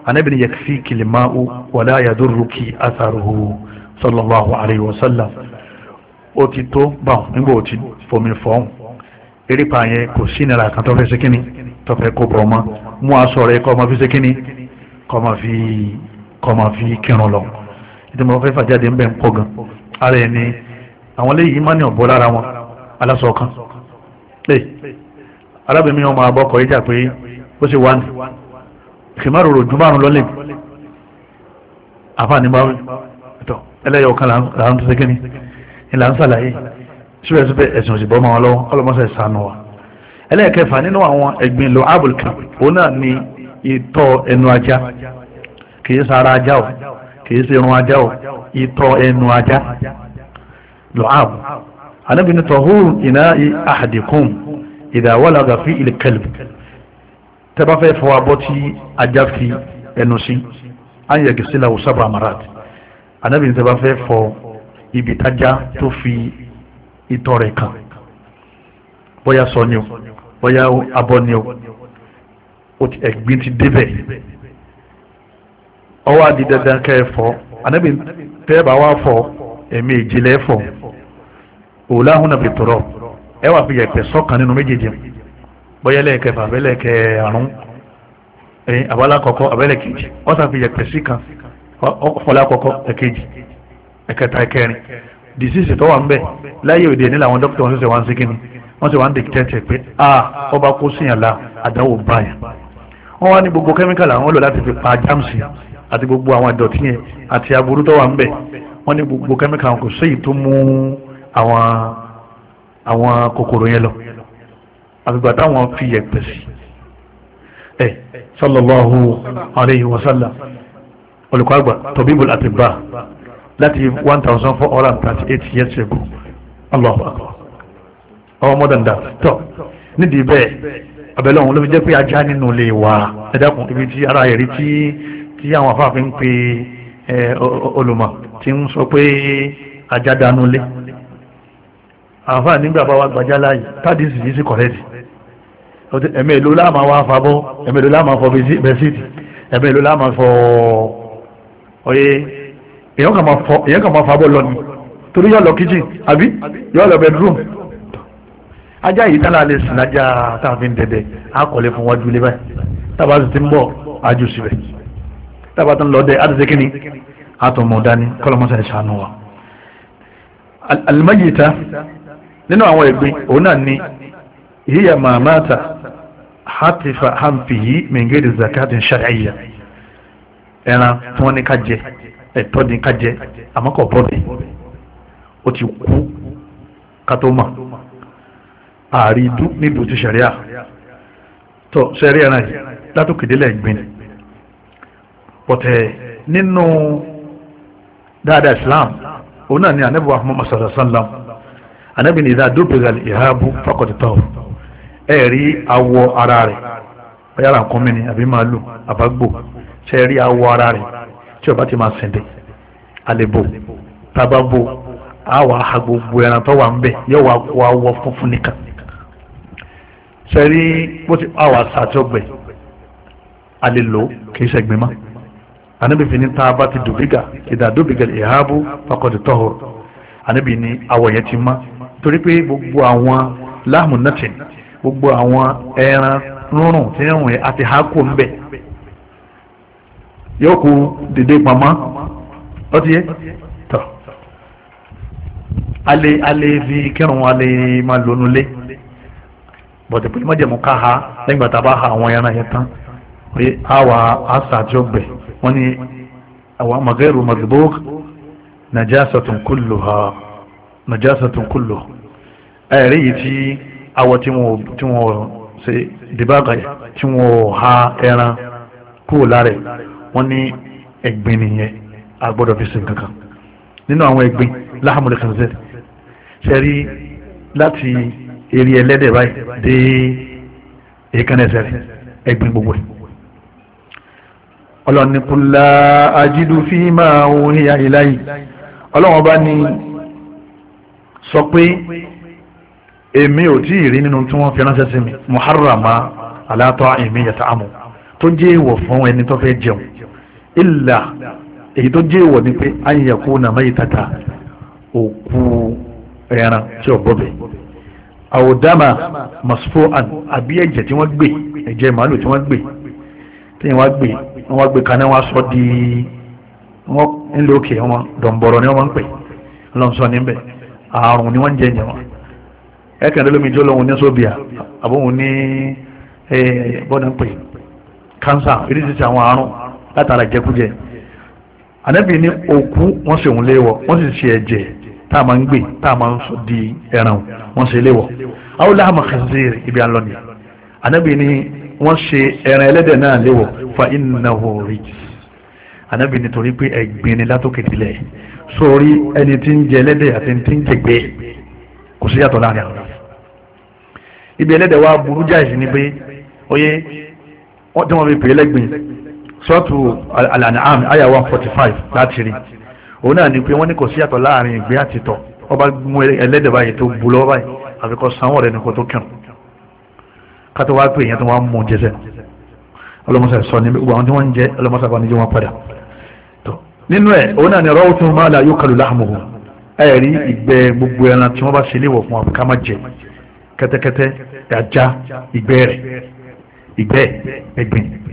Ànábì ní yakfiki al-ma'u wa la yadurruki atharuhu sallallahu alayhi wa sallam ó ti tó báwọn nígbà ó ti fomi fọ́ọ̀hún erépa yẹn kò sí ìnira kan tó fẹ́ ṣe kínní tó fẹ́ kó bọ̀ ọmọ mú aṣọ rẹ kọ́ ọmọ fi ṣe kínní kọ́ ọmọ fi kọ́ ọmọ fi kírun lọ ìdìbò wọn fẹ́ fàjáde ń bẹ̀ ń pọ̀ gan ara ẹni àwọn léyìí má ní ọ̀bọ lára wọn aláṣọ kan lè arábìnrin wọn máa bọ́kọ̀ yíjà pé ó ṣe wá ní ìfìmárò rò márùn lọ́lẹ̀ àfààní bá wí kan là ń tó ṣe kínní ìlànà sàlàyé síbẹ̀síbẹ̀ ẹ̀sìn òsìbọ́ máa lọ́wọ́ ọlọ́mọṣẹ́ ìsànù wa ẹlẹ́ẹ̀kẹfà nínú àwọn ẹ̀gbin lo abulkan òun náà ni ìtọ̀ ẹnu ajá kìí sara ajá o kìí ṣe irun ajá o ìtọ̀ ẹnu ajá lo ab anabini tọhúrù iná ahadikum ìdáwọ́lága fi ilkẹlb tẹ́bá fẹ́ fọ abọ́ tí ajá fi ẹnu sí ayẹ̀gẹ̀sílẹ̀ ọ̀sábà marat anabini tẹ́bá fẹ́ fọ ibi tájá tó fi ìtọ̀ rẹ̀ kàn bóyá sọ ni o bóyá abọ́ ni o ẹ̀gbin ti débẹ̀ ọwọ́ adi dandan kẹ́ ẹ fọ̀ anabi tẹ́ẹ̀bà wá fọ̀ ẹ̀mí ìjìnlẹ̀ fọ̀ òòlà ahùn nàbì tọ̀rọ̀ ẹ wà fi yẹ̀pẹ̀ sọ́kàn nínú méjèèjì bóyá lẹ́ẹ̀kẹfà abẹ́lẹ̀kẹ àrùn ẹ̀yìn abala kọ̀kọ́ abẹ́lẹ̀ ọ̀sà fi yẹ̀pẹ̀ sí ọ̀fọ̀lá kọ̀kọ́ ẹ̀kejì ẹ̀kẹta ẹ̀kẹrin disease tó wà ń bẹ láyé òde ní làwọn dókítà wọn ṣẹ̀ṣẹ̀ wá ń síkìní wọ́n ṣe wá ń dìkítẹ́tẹ̀ pé a ọba kó síyàn la àdáwò báyà wọ́n wá ní gbogbo kẹ́míkàlì àwọn lò láti fi pa jámsì àti gbogbo àwọn ìdọ̀tí yẹn àti aburú tó wà ń bẹ wọ́n ní gbogbo kẹ́míkàlì àwọn kò séyìí tó mú àwọn àwọn kòkòrò yẹn lọ àgbègbè àtàwọn fi yẹ̀pẹ̀ sí ẹ sallallahu alayhi wa sallam olùkọ́ àgbà tọ́bíbùl àtìbá láti one thousand years ago Allahu Akbar ọwọ́ more than that tọ́ nídìí bẹ́ẹ̀ abẹ́lẹ́ ọ̀hún ló fi jẹ́ pé ajá nínú ilé wa ẹ̀dákun ibi tí ara ẹ̀rí tí tí àwọn afáàfin ń pe olùmọ̀ tí ń sọ pé ajá dánú lé àfáà nígbà bá wa gbajá láàyè tádìsì yìí sí kọ̀rẹ́tì ẹ̀mí èlò láàmà wa fàbọ̀ ẹ̀mí èlò láàmà fọ bẹ́sìtì ẹ̀mí èlò láàmà fọ ọyẹ́ èyàn kàn máa fàbọ̀ lọ ni torí yọ lọ kitchen àbí yọ lọ bedroom ajá yìí tálà lè sìn ajá táàfin dẹ̀dẹ̀ àkọlé fún wájú ilé báyìí tábà sì ti ń bọ̀ àjù síbẹ̀ tábà tó ń lọ dẹ àtẹ̀sẹ̀ kínní àtọ̀mọ̀ dání kọ́lọ́mọ́sá ẹ̀ sànù wa. alimajita nínú àwọn ẹ̀gbin òun náà ni hiya mamata hatifa hanfihi mengeri zakatin shar'iyya ẹran tí wọ́n ní ká jẹ ẹ̀tọ́ ni ká jẹ àmọ́ kò bọ́ bẹ́ẹ̀ ó ti kú ká tó mọ̀ ààrí idú nílùú ti sẹ̀ríà tó sẹ̀ríà náà látòkèdélẹ̀ gbìn pọ̀tẹ́ nínú dáadáa Islam òun náà ni anabi wa Muhammad sallallahu alaihi wa sallam anabi ni ìdá dóbìrìlì ìhábù fakọ̀tìtọ̀ ẹ̀ rí awọ ara rẹ̀ ọ̀yára nǹkan mi ni àbí màálù àbágbò ṣe rí awọ ara rẹ̀ tí ọba ti máa sìndé àlebo tábàbò àwọn aha gbogbo ẹran tó wà ń bẹ yóò wá kó awọ funfun nìkan sẹ́rí bó ti àwọn àṣà àti ọgbẹ́ àlelò kìí ṣẹ̀gbìn mọ́ anábìfin ní tá a bá ti dùbígà ìdá dùbígà ìhábù fakọ̀dì tọ́hùr anábì ní awọ yẹn ti mọ́ torí pé gbogbo àwọn láàmù nọ́tìn gbogbo àwọn ẹran rúnrún tí ń rùn àti hákò ń bẹ̀ yóò kú dèdè pamọ́ ó ti yé tọ́ alẹ́ alẹ́ fi kírun alẹ́ máa lónú lé bọ̀dẹ̀ pẹ̀lú májẹ̀mú ká ha lẹ́yìn gbàtà bá ha àwọn ẹran yẹn tán oye àwa àṣà àti ọgbẹ̀ wọ́n ní àwọn magẹ́rù magbóg najasatun kulluha najasatun kullu ẹ̀rí yìí tí awọ tí wọ́n ṣe dìbàgà tí wọ́n ha ẹran kúrò lára ẹ̀ wọ́n ní ẹ̀gbin nìyẹn a gbọ́dọ̀ fi sin kankan nínú àwọn ẹ̀gbin láhàmúlẹ̀ kànzẹ́ sẹ́rí láti eré ẹlẹ́dẹ̀ báyìí dé èékánná ẹsẹ̀ rẹ̀ ẹ̀gbin gbogbo rẹ̀ ọlọ́ni kùlá ajídú fi máa ń hìyà ìláyì ọlọ́wọ́n bá ní sọ pé èmi ò tí ì rí nínú tí wọ́n fi ránṣẹ́ sí mi muharrama alátọ́ èmi yàtọ̀ àmọ́ tó jẹ́ ìwọ̀ fún ẹni tó fẹ́ jẹun ìlà èyí tó jẹ́ ìwọ̀ ni pé ayẹ̀kú nà máa tata òkú ẹran tí ò bọ́bẹ̀ àwòdámà masfoan àbí ẹ̀jẹ̀ tí wọ́n gbé ẹ̀jẹ̀ màálù tí wọ́n gbé tí wọ́n gbé wọ́n gbé kaná wọ́n sọ di wọ́n ńlẹ̀ òkè wọn dọ̀m̀bọ̀rọ̀ ni wọ́n máa ń pè lọ́n sọ níbẹ̀ àrùn ni wọ́n jẹ́ ẹ̀yẹ̀ wọn ẹ̀kẹ́ lómi jọ́ lọ́hùn ní sóbìà àbóhùn ní bọ́dà ń pè kánsà ìrísí àwọn àrùn látara jẹkújẹ ànábì ní òkú wọ́n sì ń léwọ̀ wọ́n sì ṣe ẹ̀jẹ̀ tá a máa ń gbé tá a máa ń di ẹran wọ́n sì léwọ̀ àwọn làmà kẹsìrì ibi à ń lọ nìyà ànábì ṣe ẹran ẹlẹ́dẹ̀ náà léwọ̀ fa innahu rijs ànábì ní torí pé ẹ̀gbin ni látòkè tilẹ̀ sórí ẹni tí ń jẹ ẹlẹ́dẹ̀ àti ẹni tí ń jẹgbẹ́ kò sí yàtọ̀ láàrin àwọn ibi ẹlẹ́dẹ̀ wa burú jáì sí ni pé oyé wọ́n tí wọ́n fi pè é lẹ́gbìn sọ́ọ̀tù al-An'am àyà one forty five láti rí òun náà ni pé wọ́n ní kò sí yàtọ̀ láàrin ìgbé àti tọ̀ ọba mú ẹlẹ́dẹ̀ báyìí tó bu lọ́wọ́ báyìí àfikọ́ sanwó rẹ̀ nìkan tó kẹrùn kátó wá pé ìyẹn tó wá mú jẹsẹ̀ ọlọ́mọṣà sọ ní gbogbo àwọn tí wọ́n ń jẹ ọlọ́mọṣà bá níjẹ́ wọn padà nínú ẹ̀ òun náà ni rọ́wọ́ tó máa la yóò kàlù láàmùhù ẹ̀rí ìgbẹ́ gbogbo ẹran tí wọ́n bá ṣe léwọ̀ fún ká má ìgbẹ́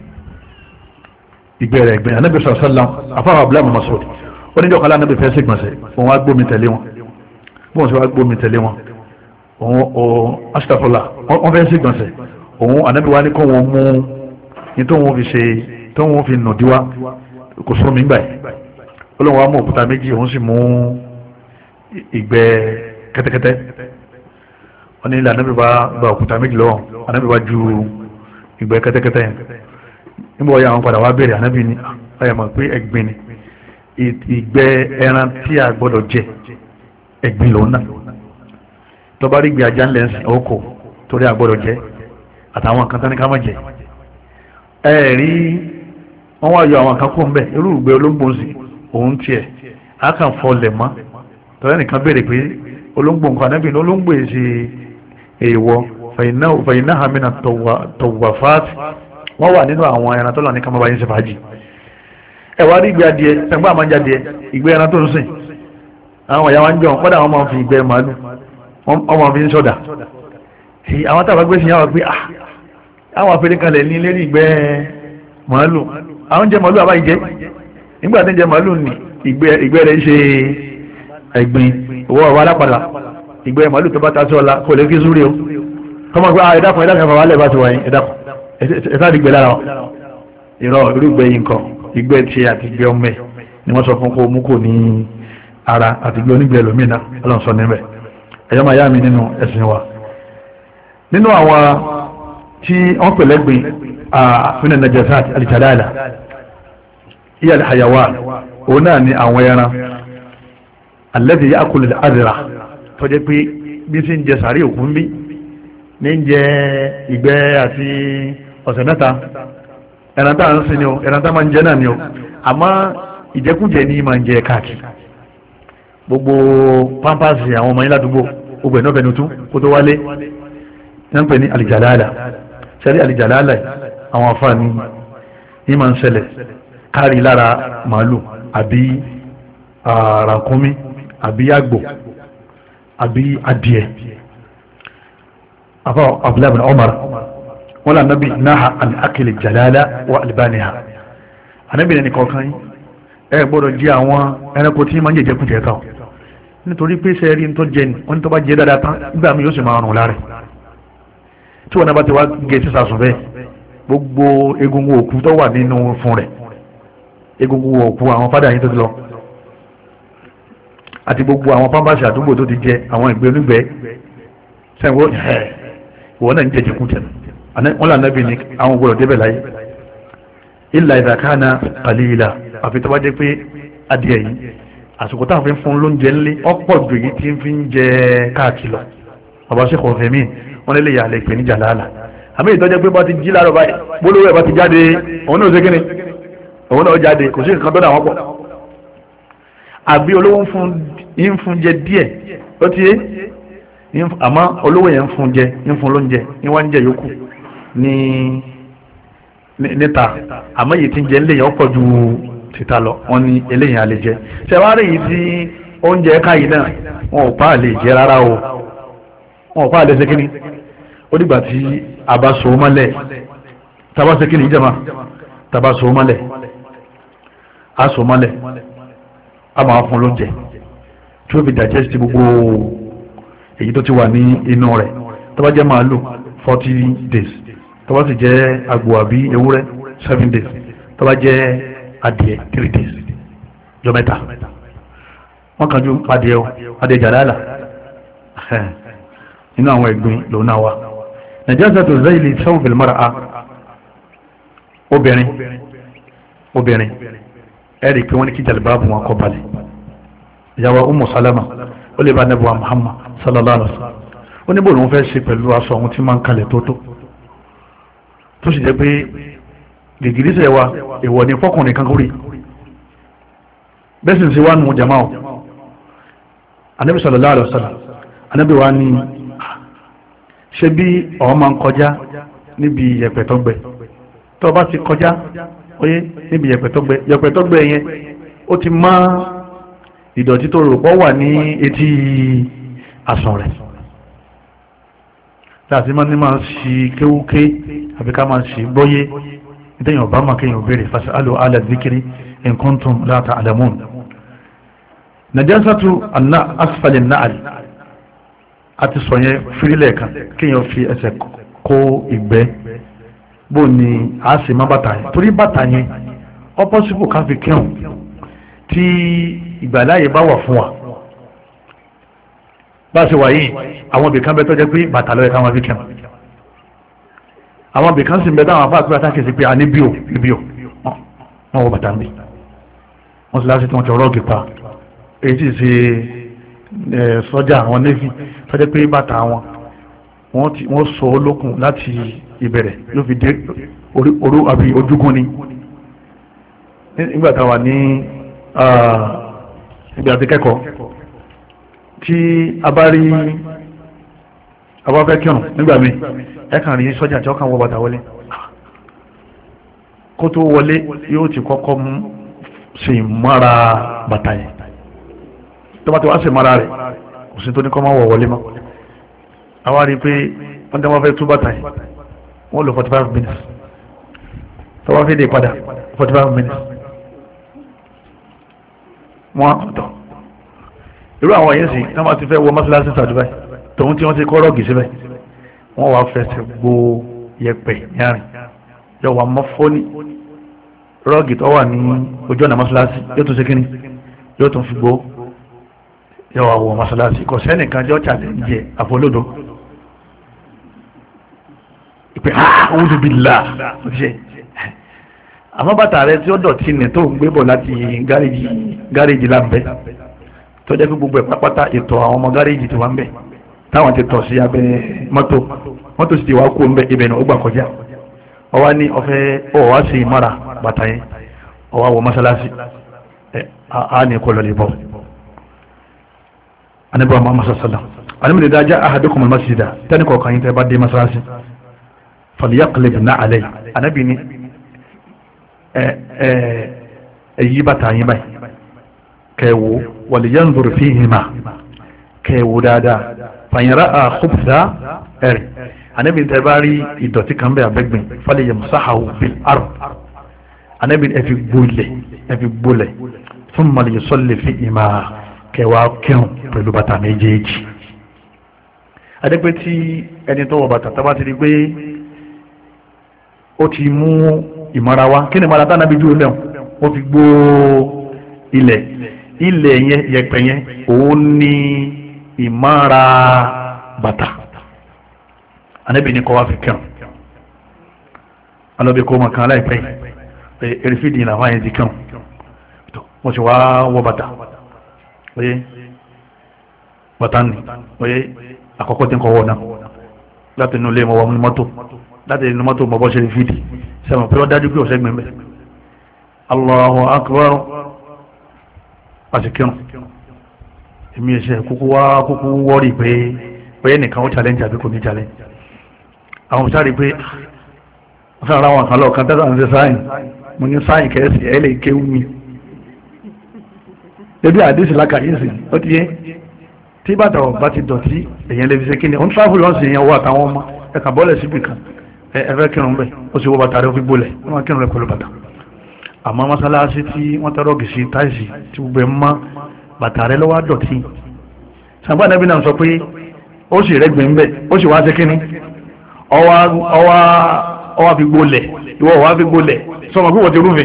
ìgbẹ́rẹ̀ ìgbẹ́ anabi sọ̀rọ̀ sọ́lá afáwọn abúlé Mas'ud ó níjọ́ kan lánàbì fẹ́ sígbọ̀nsẹ̀ òun wá gbómi tẹ̀lé wọn bóun sì wá gbómi tẹ̀lé wọn òun astafọlá wọn fẹ́ sígbọ̀nsẹ̀ òun anabi wá ní kó wọn mú ní tó wọn fi ṣe tó wọn fi nùdíwá kò sómi gbà yìí olóhùn wa mú òkúta méjì òun sì mú ìgbẹ́ kẹ́tẹ́kẹ́tẹ́ wọn ní ilé anabi bá gba òkúta méjì lọ́wọ́ anabi bá ju ìgbẹ́ kẹ́tẹ́kẹ́tẹ́ yẹn níbo ya àwọn padà wá bèrè ni ọyà pé ni ìgbẹ́ ẹran tí a gbọ́dọ̀ jẹ ẹ̀gbin lòun náà tọ́ba rí gbé ajá ńlẹ̀ ńsìn ọkọ̀ torí a gbọ́dọ̀ jẹ àtàwọn kan tání má jẹ ẹ rí wọn wá yọ àwọn kan kó irú ìgbé olóńgbò òun tiẹ̀ a kàn tọ́lá nìkan pé ni wọ́n wà nínú àwọn ẹran tó lọ ní kí wọ́n bá yín ṣe fàájì ẹ wá rí ìgbẹ́ adìẹ ẹgbẹ́ àmọ́ jẹ adìẹ ìgbẹ́ ẹran tó ń sìn àwọn ìyá wa ń jọun kọ́dà wọn máa fi ìgbẹ́ màálù wọn máa fi ń sọ̀dà tí àwọn tábà gbé sí yàrá pé ah àwọn afẹ́lẹ́ kan lẹ̀ ní lérí ìgbẹ́ màálù àwọn jẹ màálù àbá ìjẹ nígbà tí ń jẹ màálù ní ìgbẹ́ rẹ̀ ṣe ẹ̀gbin owó ọ̀wá alápàdà ìgbẹ́ màálù tó bá ta sí ọ̀la ah ẹ̀dàkùn ẹ̀dàkùn ẹ̀fà wà lẹ́ẹ̀ bá ti ẹ̀sáàdì gbẹ lára ìrọ̀ irúgbẹ yìí nǹkan ìgbẹ́ ti àti ìgbẹ́ ọmọ ẹ̀ ni wọ́n sọ fún kó mú kò ní ara àti ìgbẹ́ onígbẹ́ ẹlòmínà ọlọ́nsọ níbẹ̀ ẹ̀yọ́ máa yá mi nínú ẹ̀sìn wa nínú àwọn tí wọ́n pẹ̀lẹ́gbìn àfihàn nàìjíríà alìtàláàlà ìyá àyàwó òun náà ni àwọn ẹran alẹ́dì yá àdìrà tó pé bí sí ń jẹ sàárì òkú ń bí ní ń jẹ ìgbẹ́ àti ọ̀sẹ̀ mẹ́ta ẹran tá à ń sin ni o ẹran tá máa ń jẹ náà ni o àmọ́ ìjẹkújẹ ni máa ń jẹ káàkiri gbogbo pampasi àwọn ọmọ yín ládùúgbò gbogbo ẹ̀nà ọbẹ̀ni tún kó tó wálé ní wọ́n pè ní àlìjàláàlà sẹ́rí àlìjàláàlà àwọn afáàní ní máa ń ṣẹlẹ̀ kárí lára màálù àbí ràkúnmí àbí àgbò àbí adìẹ afọ abdullahi bin omar wọn lànà bí náà àni akele jalala wa albaniha ànábì nìkan kankan yín ẹ gbọ́dọ̀ jẹ àwọn ẹranko tí máa ń jẹjẹ kújẹ kan nítorí pé sẹẹri ń tó jẹ ni wọn ní tó bá jẹ dáadáa tán nígbà mi yóò sì máa rùn lára tí wọn náà bá ti wá gé sísà sùn bẹ́ẹ̀ gbogbo egungun òkú tó wà nínú fún rẹ̀ egungun òkú àwọn fádà yín tó ti lọ àti gbogbo àwọn pàmbáṣe àdúgbò tó ti jẹ àwọn ìgbẹ́ onígbẹ́ sẹ́wọ́n ìwọ náà ń jẹjẹ kújẹ nù wọ́n là nẹ́bí ni àwọn gbọ́dọ̀ débẹ̀ láyé ilà ìdàkánà kàlíìlà àfi tó bá jẹ́ pé adìẹ yìí àsìkò táwọn fi ń fún lóúnjẹ ńlẹ̀ ọ̀pọ̀ ju èyí tí ń fi ń jẹ káàkiri lọ bàbá sèkò fèmí wọn lè yà lè pè ní jàlálà àmì ìtọ́jẹ́ pé bá ti jí láàárọ̀ báyìí gbólóhùn ẹ̀ bá ti jáde òun náà ṣe kíni òun náà jáde kò sí nǹkan tó dà pọ̀ àbí olówó ń fún jẹ díẹ̀ ó ti yé àmọ́ olówó yẹn ń fún jẹ ń fún lóúnjẹ ń wá ń jẹ yòókù ní níta àmọ́ yìí ti ń jẹ eléyìí ọ̀pọ̀ ju títa lọ wọ́n ní eléyìí a lè jẹ ṣẹ̀wárẹ̀ yìí ti oúnjẹ káyìí náà wọn ò pa àlè jẹ rárá o wọn ò pa àlè ṣẹ́kínní ó dìgbà tí a bá so mọ́lẹ̀ taba ṣẹ́kínní jẹ́ma taba so mọ́lẹ̀ a so mọ́lẹ̀ a máa fún lóúnjẹ tí ó fi digest gbogbo èyí tó ti wà ní inú rẹ̀ tó bá jẹ́ màálù forty days tó bá sì jẹ́ àgbò àbí ewúrẹ́ seven days tó bá jẹ́ adìẹ three days jọ mẹ́ta wọ́n kàn ju adìẹ o adìẹ jàdáàlà nínú àwọn ẹ̀gbin lòun náà wà najasatu zayli sawfil mar'a obìnrin obìnrin ẹ̀rì pé wọ́n ní kí jàlùbáàbù wọn kọ́ balẹ̀ ìyàwó umu salama ó lè bá nẹ́bùwà muhammad sallallahu alaihi wa sallam ó ní bò lóun fẹ́ ṣe pẹ̀lú aṣọ àwọn tí máa ń kalẹ̀ tó tó tó sì jẹ́ pé gègìrísẹ̀ wa èèwọ̀ ni fọkùnrin kan kórè bẹ́ẹ̀ sì ń ṣe wá nù jama o anabi sallallahu alaihi wasallam anabi wa ni ṣe bí ọ̀hún máa ń kọjá níbi yẹ̀pẹ̀tọ́gbẹ tó bá ti kọjá oyé níbi yẹ̀pẹ̀tọ́gbẹ yẹ̀pẹ̀tọ́gbẹ yẹn ó ti má ìdọ̀tí tó rò pọ̀ wà ní etí asọ̀ rẹ̀ láti má ní máa ń kéwúké àbí ká máa ṣe gbọ́yé ìtẹ̀yìn ọ̀bá máa kéèyàn béèrè fasalu ala dhikri in kuntum la ta'lamun. najasatu anna asfali na'al àti sọ̀yẹn fírílẹ̀ kan kéèyàn fi ẹsẹ̀ kó ìgbẹ́ bó ni a sì má bàtà yẹn torí bàtà yẹn ọpọ́sibù ká fi kẹ́hùn tí ìgbàláyè bá wà fún wa bá a ṣe wà yìí àwọn ibìkan bẹ tó pé bàtà lọ́yẹ̀ káwọn fi kẹ́hùn àwọn abìkan sì ń bẹ táwọn afáàtúwà tá kìí sí pé a ní bíò bíò wọn wọ bàtà ń bì wọn sì láti tí wọn ti ọrọ́ gípa èyí tí ṣe sọ́jà àwọn navy sọ́jà pé bàtà wọn wọ́n sọ ọ́ lókun láti ìbẹ̀rẹ̀ ló fi dé orú àbí ojúgun ni nígbà táwa ní ibi àti kẹ́kọ̀ọ́ tí a bá rí abáfẹ́ kírun nígbà míì ẹ̀kàn rí sọ́jà tí ó kàn wọ bàtà wọlé kó tó wọlé yóò ti kọ́kọ́ sì mara bàtà yẹn tó bá ti wá sì mara rẹ̀ kò sí tó ní kọ́ máa wọ̀ wọlé mọ́ àwa rí pé wọ́n dá wọn fẹ́ tú bàtà yẹn wọ́n lò forty five minutes tó wọ́n fi dé padà forty five minutes wọ́n tọ̀ irú àwọn yẹn sì tí wọ́n bá ti fẹ́ wọ mọ́sálásí sàdúrà tòun tí wọ́n ti kọ́ rọ́ọ̀gì síbẹ̀ wọ́n wá fẹsẹ̀ gbó yẹpẹ̀ yárin yóò wá mọ́ fọ́lì rọ́ọ̀gì tó wà ní ojú ọ̀nà mọ́ṣáláṣí yóò tún ṣe kínní yóò tún fi gbó yóò wá wọ mọ́ṣáláṣí kò sẹ́nìkan jọ́ challenge àfọlódò ìpè a'udhu billah ṣe àmọ́ bàtà rẹ tí ó dọ̀tí nì tó ń gbé bọ̀ láti gáréjì lábẹ́ tó jẹ́ pé gbogbo ẹ̀ pápátá ètò àwọn ọmọ gáréjì tó wà ń bẹ̀ táwọn ti tọ̀ sí abẹ́ mọ́tò mọ́tò sì ti wá kó mbẹ ibẹ̀ náà ó gbà kọjá ọwá ní ọfẹ́ ọwá sí ìmọ̀ra bàtà yẹn ọwá wọ mọ́sálásí a ní kọlọ lè bọ̀ anabi wa muhammad sallam anabi ni dájá ahadukum masjida tani kọ̀ọ̀kan yín tẹ́ bá dé mọ́sálásí falyaqlib na alẹ́ anabi ni ẹ ẹ ẹ yí bàtà yín báyìí kẹwò wal yanzur fihima kẹwò dáadáa fàyìnrà a ẹ̀rì ànábì tẹ́ bá rí ìdọ̀tí kan bẹ́ẹ̀ abẹ́gbìn falẹ̀ yẹ musahawu bil ard ànábì ẹ fi gbolẹ̀ ẹ fi gbolẹ̀ fún mọ̀lẹ́yẹ sọ́lẹ̀ fi ìmà kẹwàá kẹun bata bàtà méjèèjì adẹ́pẹ́ tí ẹni tó wọ bàtà tá bá ti rí pé ó ti mú ìmọ̀ra wa kí ni ìmọ̀ra tá ànábì dúró lẹ́hùn ó fi gbó ilẹ̀ ilẹ̀ yẹn yẹpẹ̀ yẹn òun ní ìmára bàtà anábì ní kọ́ wá fi kírun alọ́bí kó mọ̀ kan láìpẹ́ erifidi làwọn àyè ti kírun wọ́n sì wá wọ bàtà oye bàtà ni oye àkọ́kọ́ tí ń kọ́ wọ̀ náà láti inú ilé mọ̀ wọ́n mọ́tò láti inú mọ́tò mọ̀ bọ́ ṣe fìdí sẹ́wọ̀n pé wọ́n dájú pé ọ̀sẹ̀ gbẹ̀mẹ̀ Allahu akbar àti kírun èmi ẹ̀ṣẹ̀ kúkú wá kúkú wọ́rì pé bẹ́ẹ̀ nìkan ó challenge àbí kò ní challenge àwọn sáré pé wọ́n ah, sára àwọn kan lọ́ọ̀kan tẹ́sán ń ṣe sáyìn mo ní sáyìn kẹ́sì ẹ̀ lè kéwú mi ebi àdéhùn lákàyèsí ó ti yẹ tí bàtà ọba ti dọ̀tí èyàn lè fi ṣe kíni ó ń travel lọ́sìn èyàn wọ àtàwọn ọmọ ẹ̀ka bọ́ọ̀lẹ̀ síbi kan ẹ̀fẹ́ kírun bẹ̀ ó sì wọ bàtà rẹ̀ ó fi gbólẹ̀ wọ́n kírun rẹ̀ pẹ̀lú bàtà àmọ́ mọ́sálásí tí wọ́n tẹ́rọ̀gì sí táìsì tí gbogbo mọ́ bàtà rẹ lọ́wọ́ àdọ̀tí sàǹgbà nàbí náà sọ pé ó sì rẹ́gbẹ̀ẹ́ ńbẹ̀ ó sì wá sí kínní ọwá fi gbolẹ̀ ìwọ ọwá fi gbolẹ̀ sọmọ pé wọ́n ti rúfe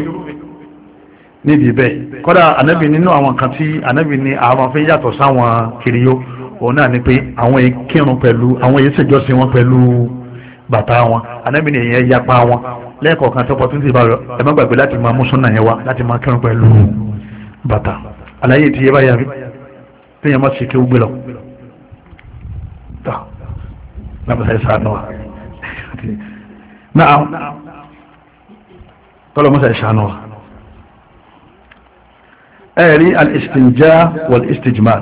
nídìí bẹ́ẹ̀ kọ́dà ànábì nínú àwọn kan tí ànábì ní àwọn fi yàtọ̀ sáwọn kiriyó òun náà ni pé àwọn èyí kírun pẹ̀lú àwọn èyí ṣèjọ́sìn wọn pẹ̀lú bàtà wọn ànábì ní yapa wọn lẹ́ẹ̀kọ̀ọ̀kan tó pọ̀ tó ń ti bá rẹ̀ ẹ má gbàgbé láti máa mú súnà yẹn wá láti máa kírun pẹ̀lú bàtà àlàyé ti yẹ báyà bí téèyàn má sì kí ó gbé lọ tó lábàtà ẹ̀ sànù wa náà tọ́lọ́ mọ́sà ẹ̀ sànù wa ẹ̀ rí al-istinja wal-istijmar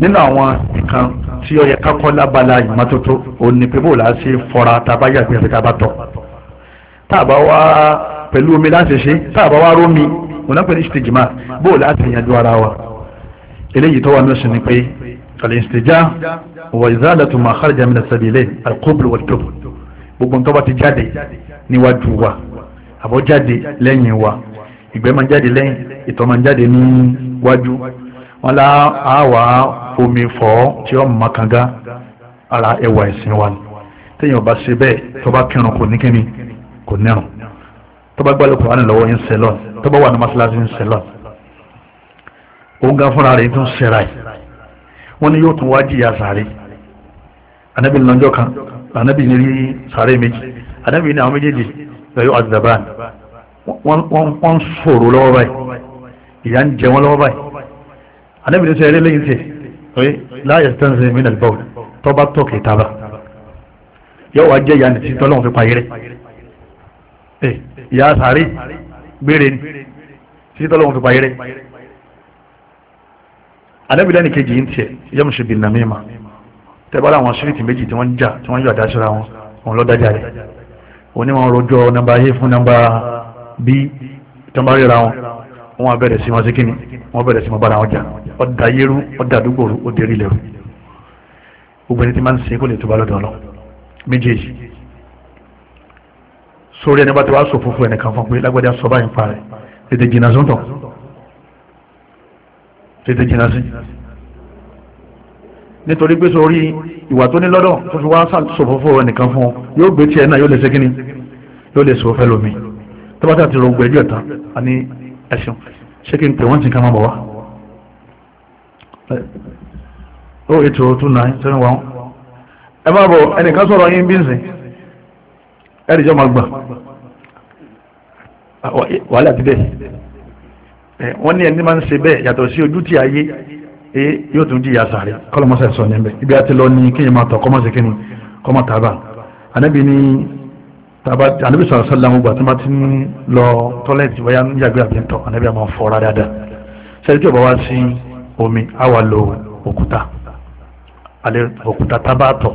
nínú àwọn nǹkan tí ó yẹ kákọ́ lábala ìmọ́tótó òní pé bóòlá sí fọra tàbá yàgbé àti tàbá tọ̀ tàbá wá pẹ̀lú omi láti ṣe tàbá wá rómi òun náà pẹ̀lú ìṣèjìmá bóò láti yanjú ara wa eléyìí tó wà ní ọ̀sẹ̀ ni pé al-istijā wa izālatu mā kharaja min as-sabīlayn al-qubl wal-dubul gbogbo nǹkan bá ti jáde níwájú wa àbọ̀ jáde lẹ́yìn wa ìgbẹ́ máa jáde lẹ́yìn ìtọ̀ máa jáde níwájú wọn lá àwà omi fọ́ tí ó mọ kanga ara ẹwà ẹ̀sìn wa ni téèyàn ṣe bẹ́ẹ̀ tó bá kírun kò ní kíni kò nírun tọ́ba gbálẹ̀ kùránì lọ́wọ́ ń sẹlọ́n tọ́ba wà ní masalasi ń sẹlọ́n òun gan fúnra rẹ̀ tún sẹ́ra ẹ̀ wọ́n ní yóò tún wá jìyà sàárè anabi lọ́jọ́ kan anabi ní rí sàárè méjì anabi ní àwọn méjèèjì lọ́yọ́ azaban wọ́n ń sòrò lọ́wọ́ báyìí ìyà ń jẹ wọ́n lọ́wọ́ báyìí anabi ní sẹ́yìn lẹ́yìn tẹ̀ oye láyé stanzi min albaul tọ́ba tọ́ kìí taba yóò wá jẹ́ ìyá nìtí tọ́lọ́wọ́n fi pa yẹrẹ ìyá sàárè gbére ni títí tọ́lọ́wọ́n fi payé rẹ̀ anábìlẹ̀ ní kejì ń tiẹ̀ yẹ́mùsù bin namima tẹ́bára àwọn síríìtì méjì tí wọ́n ń jà tí wọ́n ń yọ àdásíra wọn òun lọ́dájà rẹ̀ òní wọn rojọ́ nọmba a fún nọmba b tí wọ́n bá ríra wọn wọn bẹ̀rẹ̀ sí wọn sí kíni wọn bẹ̀rẹ̀ sí wọn bára wọn jà ọ̀dà yẹrú ọ̀dà àdúgbò ó dérí lẹ́rú gbogbo ẹni tí máa ń ṣe kó lè tó bá lọ́dọ̀ ọlọ́ sórí ẹni bá ti wá sọ fúnfún ẹnìkan fún pé lágbàdá sọ báyìí ń parẹ́ tètè jìnnà sọ́tọ̀ tètè jìnnà sí nítorí pé sórí ìwà tó ní lọ́dọ̀ tó fi wá sọ fúnfún ẹnìkan fún yóò gbé tiẹ̀ náà yóò lè ṣégin ni yóò lè sọ fẹ́ lómi tó bá ti rọ ẹ̀ta a ní ẹ̀sìn ṣé kí n pè wọ́n ti ká máa bọ̀ wá. ó oh, ètò oh two nine seven one ẹ bá bọ̀ ẹnìkan sọ̀rọ̀ yín bí ń sìn ẹ̀rìjọ́ máa gbà wàhálà ti bẹ́ẹ̀ wọ́n ní ẹni máa ń ṣe bẹ́ẹ̀ yàtọ̀ sí ojú tí ayé yóò tún jìyà sàárè kọ́lọ́mọ́sẹ̀ sọ ní ẹ̀mẹ́ ibi àti lọ ní kéèyàn máa tọ̀ kọ́mọ́sẹ̀ kí ni kọ́mọ́ tàbá anábì ní tàbá anábì sọ̀rọ̀ sọ́lá gbogbo àti máa ti ń lọ tọ́lẹ̀tì wáyà ń yàgbé àbí ń tọ̀ anábì àmọ́ fọ́ra dáadáa sẹ́ni tí ò bá wá sí omi á lo òkúta alẹ́ òkúta tábà tọ̀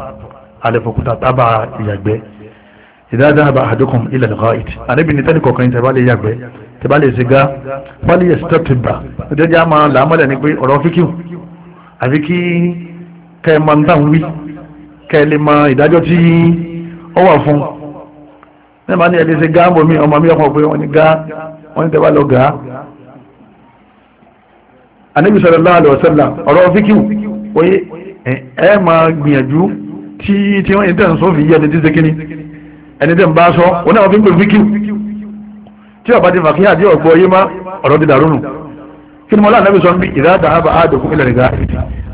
alẹ́ òkúta tábà ìyàgbẹ́ ìdájọ́ àbá àdókùn ilẹ̀ ìkọ́ìtì àníbi ní tẹ́lẹ̀ kọ̀ọ̀kan tẹ́ bá lè yàgbẹ́ tẹ́ bá lè ṣìgá fọ́lì ẹ̀sítọ́tìbà ọjọ́ jẹ́ àmà làámọ́lẹ̀ ni pé ọ̀rọ̀ fíkì àfi kí kẹ́ ẹ máa ń dáhùn wí kẹ́ ẹ lè mọ ìdájọ́ tí ó wà fún un nígbà ní ẹ lè ṣe gá mọ̀ mi ọmọ mi ọkọ̀ pé wọ́n ní gá wọ́n ní tẹ́ bá lọ ẹ máa gbìyànjú tí tí wọ́n ń tẹ̀ ń sọ́fì yí ẹni tí ṣe kíní ẹni tẹ́ ń bá sọ wọn náà wọ́n fi ń pè fíkíù tí ọba ti fàkíyà tí ọgbọ yé má ọ̀rọ̀ ti dàrú nù kí ni mo láà nábì sọ ń bí ìdá àtà àbá àdòkú ilẹ̀ nìga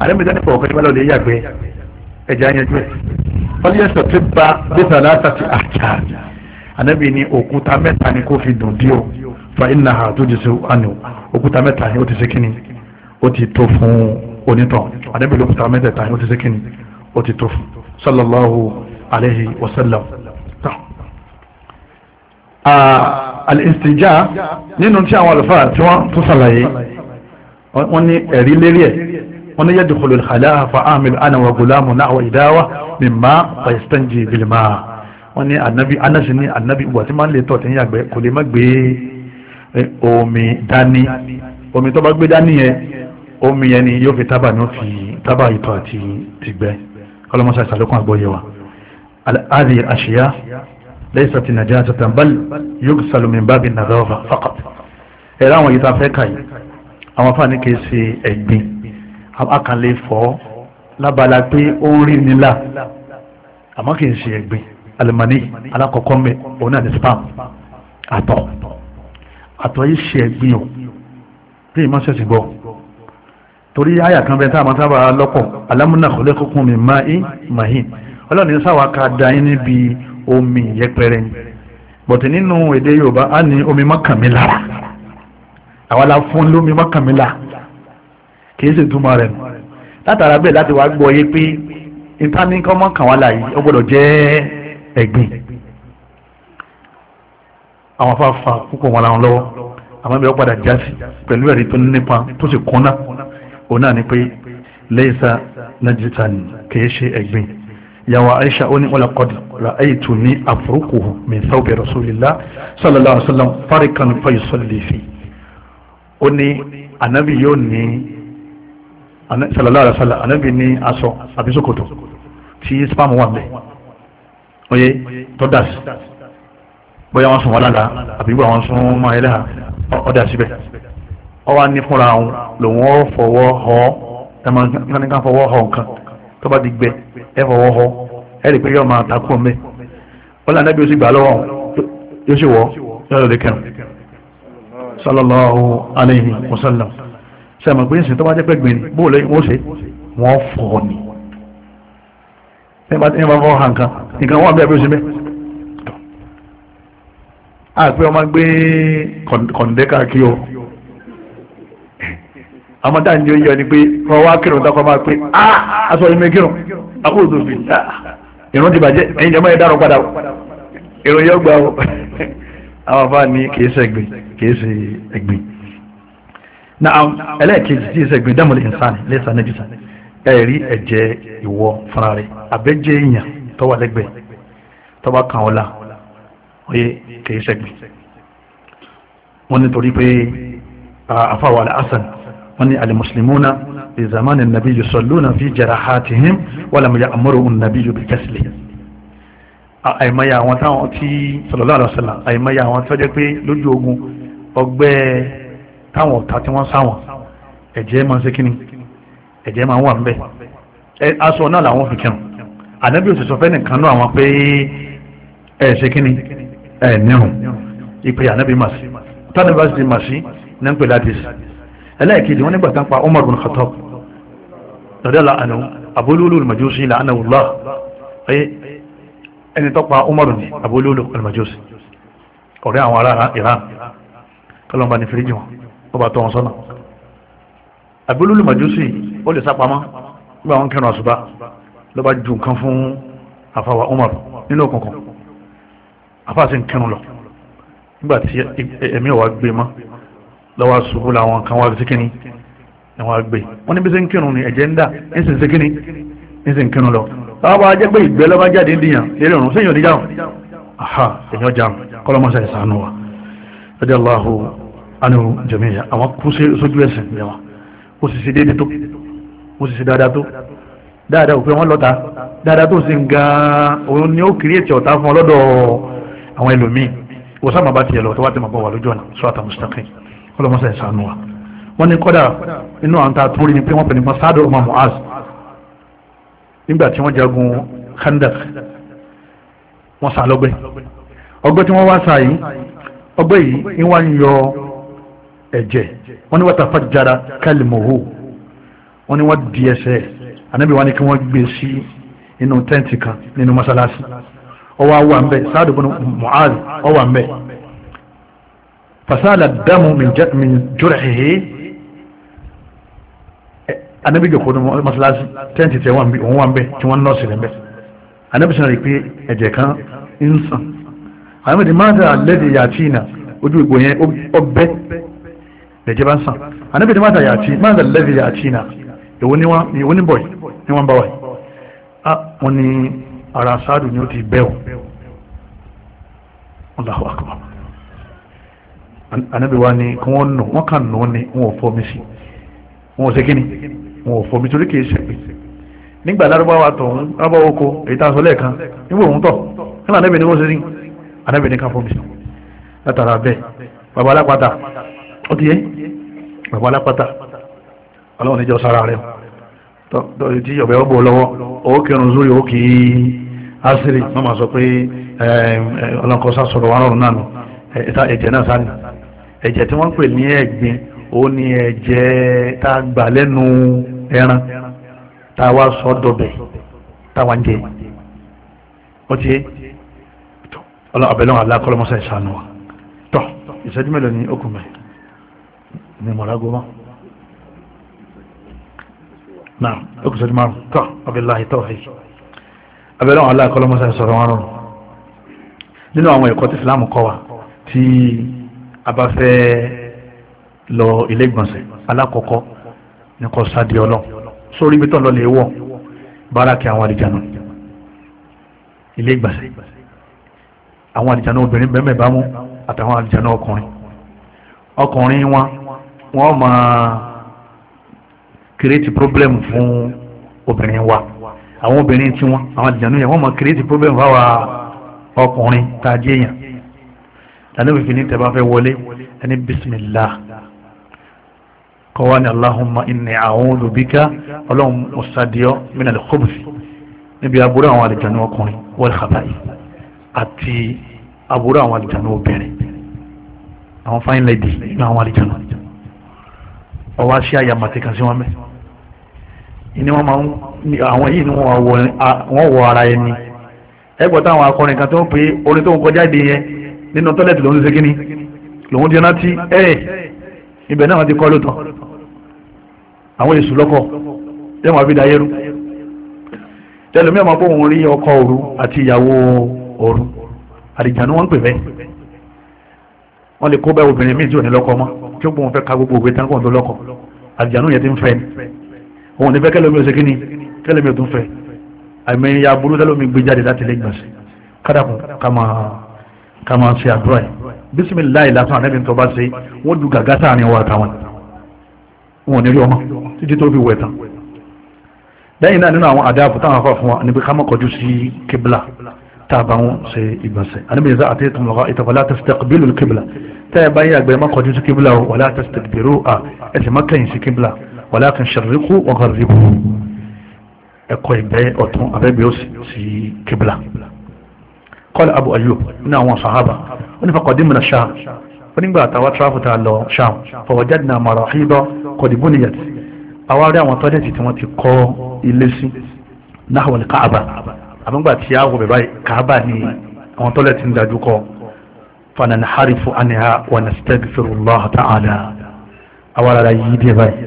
àdèmíta nípa ọ̀kan ìbálẹ̀ olè yàgbẹ́ ẹ̀jẹ̀ ayẹjú ẹ̀ fọlíyẹ sọ ti ba bíta látàtì àjà ànábì ni òkúta mẹ́ta ni kò fi dùn dí o fa iná ha tó ti so àná òkúta mẹ́ta ni ó ti ṣe kíni ó ti tó fún onítọ̀ ànábì lókúta mẹ́tẹ̀ẹ̀ta ni ó ti ṣe kíni ó ti tó fún sallallahu alayhi wa sallam alìsìjá nínú tí àwọn àlùfáà tí wọ́n tún ṣàlàyé wọ́n ní ẹ̀rí lérí ẹ̀ wọ́n ní yadkhulu al-khala fa amilu ana wa gulamu nahwa idawa mimma fa yastanji bil ma wọ́n ní anabi anasi ní anabi ìwà tí máa ń lè tọ̀ tí ń yàgbẹ́ kò lè má gbé omi dání omi tó bá gbé dání yẹn omi yẹn ni yóò fi tábà ní ti tábà ìtọ̀ àti tìgbẹ́ kọ́lọ́mọṣà ìsàlẹ̀kùn àgbọ̀yẹ̀wà laysat najasatan bal yughsalu min babi nadhafa faqat ẹ̀rọ àwọn yìí tá a fẹ́ kà yìí àwọn afáàní kìí ṣe ẹ̀gbin akànlẹ̀ fọ́ lábala pé ó rí nílà àmọ́ kìí ṣe ẹ̀gbin alimani alakọ̀kọ́ mẹ́ òun náà ní spam àtọ̀ àtọ̀ yìí ṣe ẹ̀gbin o bí ìmọ̀ ṣẹ̀ṣì gbọ́ torí àyà kan bẹ tá a máa sábà lọ́pọ̀ alámúnà kọ́lẹ́kọ́kún mi máa ń mahin ọlọ́ọ̀ni sáwà ká da yín níbi omi yẹpẹrẹ ni bọ̀tẹ̀ nínú èdè yorùbá á ní omi mọ́kànmílà àwa la fún lómi mọ́kànmílà kì í sì túmọ̀ rẹ̀ nù látara bẹ́ẹ̀ láti wá gbọ́ yé pé ìtàníkọ́ mọ́kànwálà yìí ó gbọ́dọ̀ jẹ́ ẹ̀gbìn àwọn afáfà púpọ̀ wọn làwọn lọ́wọ́ àmọ́ bí wọ́n padà já sí pẹ̀lú ẹ̀rí tó nípa tó sì kọ́ná òun náà ni pé lẹ́yìn sá náà jìtà kì í ṣe ẹ̀gbìn ìyàwó aisha ó ní wọ́n lọ́kọ́dì ra'aytu ní àfurukùhù min thawbi rasulillah sallallahu alayhi wa sallam farikan fayusalli fi ó ní anabi yóò ní sallallahu alayhi wa sallam anabi ní aṣọ àbí ṣòkòtò tí spam wà mẹ́ oye tó dà sí bóyá wọ́n sùn wọ́n lálàá àbí bóyá wọ́n sùn máa yẹlẹ́ ọ dà síbẹ̀ ọ wá ní fúnra òun lòun ó fọwọ́ họ tó bá ti gbẹ ẹ fọwọ́ họ ẹ rí i pé yóò máa takú ọmọ ẹ wọn lànà bí o sì gbà lọ́wọ́ yóò sì wọ́ yóò lọ lè kẹrùn sallallahu alayhi wa sallam sẹ́mi pé ṣe tó bá pé gbìn bóò lẹ́yìn wọ́n ṣe wọ́n fọ́ ni ẹ bá fọ́ hàn kan nǹkan wọ́n bí abẹ́ òṣèlú àpé ọmọ gbé kọ̀ǹdẹ́kà kí o àmọ́ tá à ń jẹ́ yíyọ ni pé kọ́ wá kírun tó kọ́ máa pé a ah, aṣọ ìmọ̀ kírun akóòtò fi ta ah, ìrún ti bàjẹ́ ẹ̀yin jẹ́ mọ́ ẹ dárò padà ìròyìn ọgbà ọ àwọn afáà ní kìí ṣẹ̀gbìn kìí ṣe ẹ̀gbìn na ẹlẹ́ẹ̀kejì tí ìṣẹ̀gbìn dámọ̀lẹ̀ ìsàn lẹ́sà nẹ́jìsà ẹ̀rí ẹ̀jẹ̀ ìwọ fúnra rẹ̀ abẹ́jẹ́ èèyàn tó wà lẹ́gbẹ̀ẹ́ tó bá kàn ọ́ la wọ́n ní alimusulimuna fi zamani nabi yusalluna fi jarahatihim walam ya'muru nabi bi kasli àìmọye àwọn táwọn tí sallallahu alaihi wasallam àìmọye àwọn tí wọ́n jẹ́ pé lójú ogun ọgbẹ́ táwọn ọ̀tá tí wọ́n sáwọn ẹ̀jẹ̀ máa ń ṣe kíni ẹ̀jẹ̀ máa ń wà ń bẹ̀ aṣọ náà làwọn fi kẹrùn ànábì òsì sọ fẹ́nì kan náà àwọn pé ẹ̀ ṣe kíni ẹ̀ nírun ìpè ànábì màsí tánibàsí màsí ní ń pè ládìsí ẹlẹ́ẹ̀kejì wọn nígbà tán pa Umar bin Khattab lọ́dẹ́lá àná abúlúlù al-Majusi la'anahullah ẹni tó pa Umar ní abúlúlù al-Majusi ọ̀rẹ́ àwọn ará Iran kọlọ́mbà ní fìríjì wọn ó bá tọ́ wọn sọ́nà abúlúlù al-Majusi ó lè sápamọ́ nígbà wọn kẹrin àṣùbá ló bá ju nǹkan fún àfàwà Umar nínú òkùnkùn àfàṣe kẹrin lọ nígbà tí ẹ̀mí ọ̀wá gbé mọ́ lọ́wọ́ ṣubú làwọn kan wá sí kínní àwọn àgbè wọ́n ní bí sí ń kírun ní ẹ̀jẹ̀ ń dà ń sì sí kínní ń sì ń kírun lọ báwa jẹ́ pé ìgbẹ́ lọ́ba jáde ń dìyàn lérí ọ̀run sẹ́yìn òdíjà aha èèyàn jà kọ́lọ́mọṣẹ́ ìsànú wa ẹjẹ́ aláhu anu jẹ̀míyà àwọn kú sójú ẹ̀sìn ní wa ó sì sí dédé tó ó sì sí dáadáa tó dáadáa òpin wọn lọ́ta dáadáa tó sì ń gan òun ni ó kiri ètò kọlọmọsẹ ìsànú wa wọn ní kódà inú àwọn tá a ni pé wọn pè masado ọmọ muaz nígbà tí wọn jagun khandak wọn sá lọ́gbẹ́ ọgbẹ́ tí wọn wá sá yìí ọgbẹ́ yìí ń wá ń yọ ẹ̀jẹ̀ wọn ní wọn tàfà jara kálímọhù wọn ní wọn di ẹsẹ̀ ànábì wọn ni kí wọn gbé sí inú tẹ́ǹtì kan nínú mọ́sálásí ọwọ́ àwọn àmbẹ sáàdùbọ̀n muaz ọwọ́ àmbẹ fasala damu min jurhihi anabi joko ni masalasi tẹ́ǹtì tẹ́ wọn òun wà ń bẹ tí wọ́n nọ́ọ̀sì rẹ̀ ń bẹ anabi sọ̀rọ̀ yìí pé ẹ̀jẹ̀ kan ń sàn anabi máa dà lẹ́dí yàtìnà ojú ìgbò yẹn ọbẹ̀ lẹ́jẹ̀ bá ń sàn anabi máa dà yàtì máa dà lẹ́dí yàtìnà ìwọ ni wọ́n bọ̀ yìí ni wọ́n bá wà yìí ah wọ́n ní ara sáàdù ni ó ti bẹ́ ọ̀ Allahu akbar anabi wa ni kí wọ́n nù wọ́n kà nù ni wọ́n ò fọ́ mi sí wọ́n ò ṣe kíni wọ́n ò fọ́ mi torí kì í ṣe pé nígbà lárúbáwá tọ̀hún lárúbáwá oko èyí tá a sọ lẹ́ẹ̀kan nígbà òun tọ̀ nígbà anabi ni wọ́n ṣe ní anabi ni ká fọ́ mi sí látara bẹ́ẹ̀ bàbá alápàtà ó ti yẹ bàbá alápàtà ọlọ́run níjọ sára rẹ̀ tọ́ tí ọ̀bẹ ọgbọ̀ lọ́wọ́ ó kírun zúrí ó kì í asiri wọ́n máa sọ pé ọlọ́nkọ́sá sọ̀rọ̀ wọn rọrùn náà nù ẹ̀jẹ̀ náà sáré ẹ̀jẹ̀ tí wọ́n ń pè ní ẹ̀gbin ó ní ẹ̀jẹ̀ tá a gbà lẹ́nu ẹran tá a wá sọ dọ̀bẹ̀ tá a wá ń jẹ ó ti ọlọ́ ọ̀bẹ̀lọ́wọ̀n alákọ́lọ́mọṣẹ́ ìṣàánú wa tọ́ ìṣẹ́jú mélòó ni ó kù mẹ́ ní mọ̀lágó mọ́ náà ó kù sẹ́jú márùn tọ́ ọ̀bẹ̀láhì tọ́ ọ̀hìn ọ̀bẹ̀lọ́wọ̀n alákọ́lọ́mọṣẹ́ ìṣàánú wa rọrùn nínú àwọn ẹ̀kọ́ tí Islam kọ́ wa tí abafẹ́ lọ ilé ìgbọ̀nsẹ̀ alákọ̀ọ́kọ́ ní kò sáde ọlọ́ sórí ibi tó lọ lè wọ̀ báràkì àwọn àdìjànà ilé ìgbọ̀nsẹ̀ àwọn àdìjànà obìnrin bẹ́ẹ̀ mẹ́ẹ̀ bá mú àtàwọn àdìjànà ọkùnrin ọkùnrin wọn wọn máa kírètì pírọ́blẹ́mù fún obìnrin wa àwọn obìnrin tiwọn àwọn àdìjànà yẹn wọn máa problem pírọ́blẹ́mù fáwa ọkùnrin tá a tàníbi fi ní tẹ̀bá fẹ́ wọlé ẹni bismillah kọ́wá ni allahumma inni a'udhu bika ọlọ́run ọ̀sádìọ́ min al-khubuthi níbi aburú àwọn àlejànú ọkùnrin wal khaba'i àti aburú àwọn àlejànú obìnrin àwọn fine lady ní àwọn àlejànú ọwọ́ aṣẹ́ àyàmàtí kan sí wọn mẹ́ ìní wọn máa ń àwọn yìí ni wọn wọ ara ẹni ẹgbọ́n táwọn akọrin kan tó ń pè orin tó ń kọjá ìdí yẹn nínú tọ́lẹ̀tì lòún ṣe kíní lòún jẹ́ náà tí ẹ̀ ibẹ̀ náà ti kọ́ lóòótọ́ àwọn èṣù lọ́kọ̀ tẹ́wọ̀n àbídá yẹ́rú tẹ́lẹ̀mí ọmọ pé òun rí ọkọ òru àti ìyàwó òru àdìjànú wọn ń pè bẹ́ẹ̀ wọ́n lè kó bá obìnrin míì tí ò ní lọ́kọ mọ́ tí ó gbóhùn fẹ́ ka gbogbo òwe tán kóhùn tó lọ́kọ àdìjànú yẹn ti ń fẹ́ òun ní fẹ́ kẹ́lẹ́mi ọ̀sẹ̀ kínní kẹ́lẹ́mi ọ̀tún fẹ́ àmì ìyá burú tẹ́lẹ̀mi gbé jáde láti lẹ́gbàsí kádàkùn ká máa ká máa ṣe àdúrà yìí bisimilayi lásán ànábì tó bá ṣe wọ́n ju gàgá sáàrin wa àtàwọn wọn ò ní rí ọmọ títí tó fi wẹ̀ tán lẹ́yìn náà nínú àwọn àdáàbò táwọn afọ fún wa níbi ká má kọjú sí kíbla tá a bá wọn ṣe ìgbọ̀nsẹ̀ ànábì yẹn sá àti ètò ọlọ́kọ̀ ìtàkùn láti tẹ̀kbílù kíbla tá ẹ bá yẹ àgbẹ̀ má kọjú sí kíbla o wàlá àti tẹ̀kbírù à ẹ sì má kẹ́yìn sí kíbla wàlá kan ṣàríkú ọ̀gá ríbu ẹ̀kọ́ ìbẹ́ ọ̀tún abẹ́bẹ́ òsì sí kíbla kọ́lá abu ayub ní àwọn sahaba wọ́n ní faqadimna sham wọ́n nígbà àtàwọn tíráfù tá a lọ sham fawajadna marahida qad buniyat àwa rí àwọn tọ́lẹ̀tì tí wọ́n ti kọ́ ilé sí nahwa al-Kaaba àbúgbà tí a wọ̀ bẹ̀rẹ̀ Kaaba ni àwọn tọ́lẹ̀tì ń dájú kọ́ fananharifu anha wa nastaghfirullah ta'ala àwa rárá yìí dé báyìí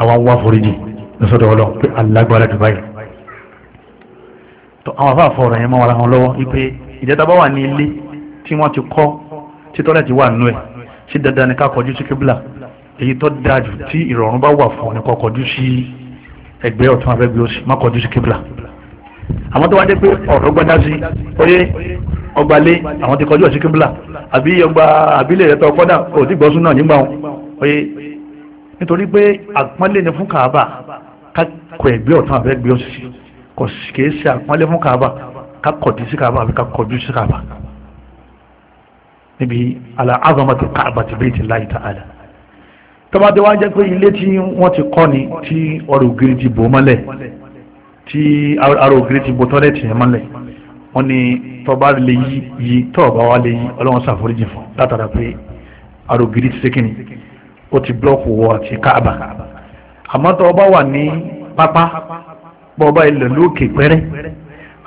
àwọn wá foríjì lọ́sọ̀dọ̀ ọlọ́run pé alágbára dùbáyìí tó àwọn afá àfọ̀rọ̀ yẹn mọ́ ara wọn lọ́wọ́ ipe ìjẹta bá wà ní ilé tí wọ́n ti kọ́ tí tọ́lẹ̀ ti wà nù ẹ̀ ṣé dandan ni ká kọjú sí kíbla èyí tó dáa jù tí ìrọ̀rùn bá wà fún ni kó kọjú sí ẹgbẹ́ ọ̀tún abẹ́gbẹ́ òsì má kọjú sí kíbla àwọn tó wá dé pé ọ̀rọ̀ gbọ́dá sí oyé ọgbàlé àwọn ti kọjú sí kíbla àbí ọgbà àbílẹ̀ rẹ̀ tó ọkọ́ náà kò tí gbọ́sùn kò kìí ṣe àpọ́nlé fún kaaba ká kọ̀dí sí kaaba àbí ká kọjú sí kaaba níbi ala azamati kaaba ti bayti Allahi ta'ala tọ́ba tí wọ́n á jẹ́ pé ilé tí wọ́n ti kọ́ ni tí ọ̀rọ̀ ògiri ti bò mọ́lẹ̀ tí ara ògiri ti bò tọ́lẹ̀tì yẹn mọ́lẹ̀ wọ́n ní tọ́ba lè yí yí tọ́ọ̀bá wa lè yí ọlọ́run ṣàforíjì fún látara pé ara ògiri ti sékìnì ó ti blọ́ọ̀kù wọ àti kaaba àmọ́ tọ́ba wà ní pápá bọ́ ọba ilẹ̀ lókè pẹ́rẹ́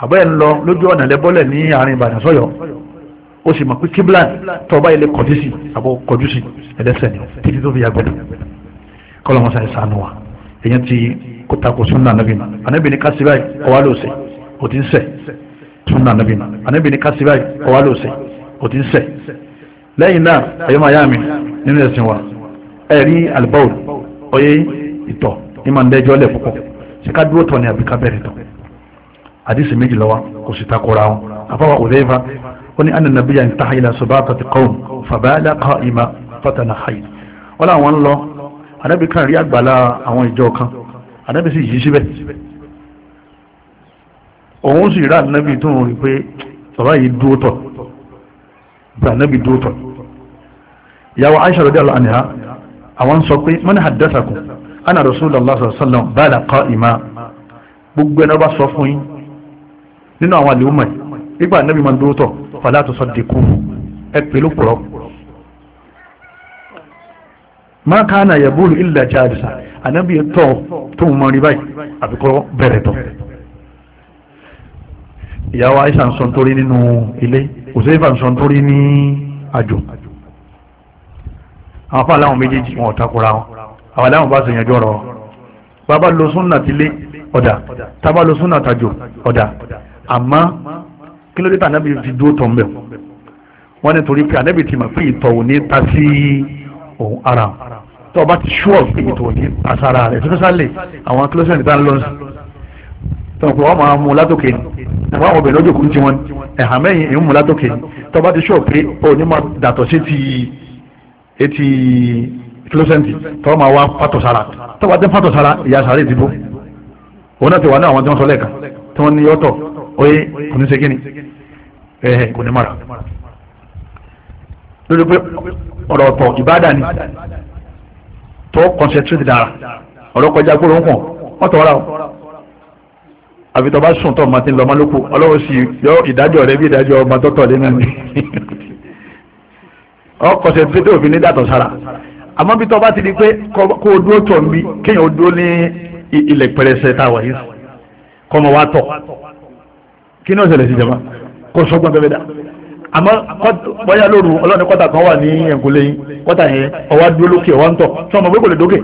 àbẹ́ ń lọ lójú ọ̀nà lẹ́bọ́lẹ̀ ní àárín ìbàdàn sọ́yọ́ ó sì mọ̀ pé kíbla tọ́ ọba ilẹ̀ kọjú sí àbọ̀ kọjú sí ẹlẹ́sẹ̀ ni títí tó fi yàgbẹ́ kọ́lọ́mọsá ẹ̀ sànù wa èyàn ti kó takò sunna anabi na anabi ni kasi báyìí ọwá ló sẹ o ti ń sẹ sunna anabi na anabi ni kasi báyìí ọwá ló sẹ o ti ń sẹ lẹ́yìn náà ẹ̀yọ́ máa yá mi nínú ẹ̀sìn wa ẹ̀rí alibawul ọyẹ ìtọ̀ ní màá ń dẹ́jọ́ lẹ̀ púpọ̀ ṣe ká dúró tọ̀ ni àbí ká bẹ̀rẹ̀ tọ̀ àdìsí méjì lọ́wọ́ wa sì takora ana àfọwọ́ òdẹ́fà ó ní àná nàbíyà ń tàhà ilà sọ̀bàtà ti kọ́ọ̀n fàbáyà ká ìmà fàtànà hàì wọn làwọn ń lọ ànábì kan rí àgbàlá àwọn ìjọ kan ànábì sì yí síbẹ̀ òun sì rí ànábì tó ń rí pé bàbá yìí dúró tọ̀ bí ànábì dúró tọ̀ ìyàwó Aisha rọ̀dí àlọ́ àníhà àwọn sọ pé mọ́ni àdásàkùn ana rasulullah sallallahu alaihi wa sallam bala qa'ima gbogbo ẹni ọba sọ fún yín nínú àwọn àlèhùnmọ̀ nígbà anábì máa ń dúró tọ̀ fala tusaddiqu ẹ pè ló pọ̀rọ̀ ma kana yabulu illa jalisa anábì tọ̀ tó mọ rí báyìí àbíkọ́ bẹ̀rẹ̀ tọ̀ ìyàwó aisha sọ nítorí nínú ilé òsèfà ń sọ nítorí ní àjò àwọn afáàláwọn méjèèjì wọn ò takora wọn àwọn aláwọ̀ bá sèyàn jọ̀rọ̀ bàbá lo súnà tilé ọ̀dà tábà lo súnà tajò ọ̀dà àmọ́ kí ló dé tà nábì fi dúró tọ̀ mbẹ̀ wọ́n ní torí pé ànábì ti mọ̀ pé ìtọ̀ ò ní ta sí òun ara tó o bá ti ṣúọ̀ pé ìtọ̀ ò ní ta sára rẹ̀ especially àwọn kílósẹ̀ níta ń lọ sí tó o máa mú látòkè ni àwọn àwọn obìnrin lójókòó ti wọn ẹ̀hà mẹ́yìn ìmú látòkè ni tó o bá ti ṣúọ̀ pé o ní máa dàtọ̀ sí ti kílósẹ́ǹtì tọ́ máa wá fàtọ̀ sára tọ́ba tẹ́ fàtọ̀ sára ìyá sàárè ìdìbò òun náà ti wà ní àwọn tí wọ́n sọ lẹ́ẹ̀kan tí wọ́n ní yọ́tọ̀ oyé kò ni ẹ̀ẹ́ kò ní mara lórí pé ọ̀rọ̀ ọ̀tọ̀ ìbáàdà ni tó concentrate dára ọ̀rọ̀ kọjá gbóró ń kàn wọ́n o àfi tọ́ bá sùn tọ́ martin lọ́mọ lóko ọlọ́run sì yọ ìdájọ́ rẹ bí ìdájọ́ ọmọ tọ́tọ̀ lé náà ni ọ̀ concentrate òfin ní dàtọ̀ sára àmọ́ bí tó bá ti di pé kó o dúró tọ̀ mí kéèyàn ó dúró ní ilẹ̀ pẹrẹsẹ tá a wà yìí kọ́ ọmọ wa tọ̀ kí ni ó ṣẹlẹ̀ sí jama kó o sọ́gbọ́n bẹ́ẹ̀ dá àmọ́ bọ́yá lóru ọlọ́ni kọ́tà kan wà ní ẹ̀kúnlé yín kọ́tà yẹn ọwá dúró lókè ọwá ń tọ̀ tí ọmọ gbẹ́kọ̀ọ́ lè dókè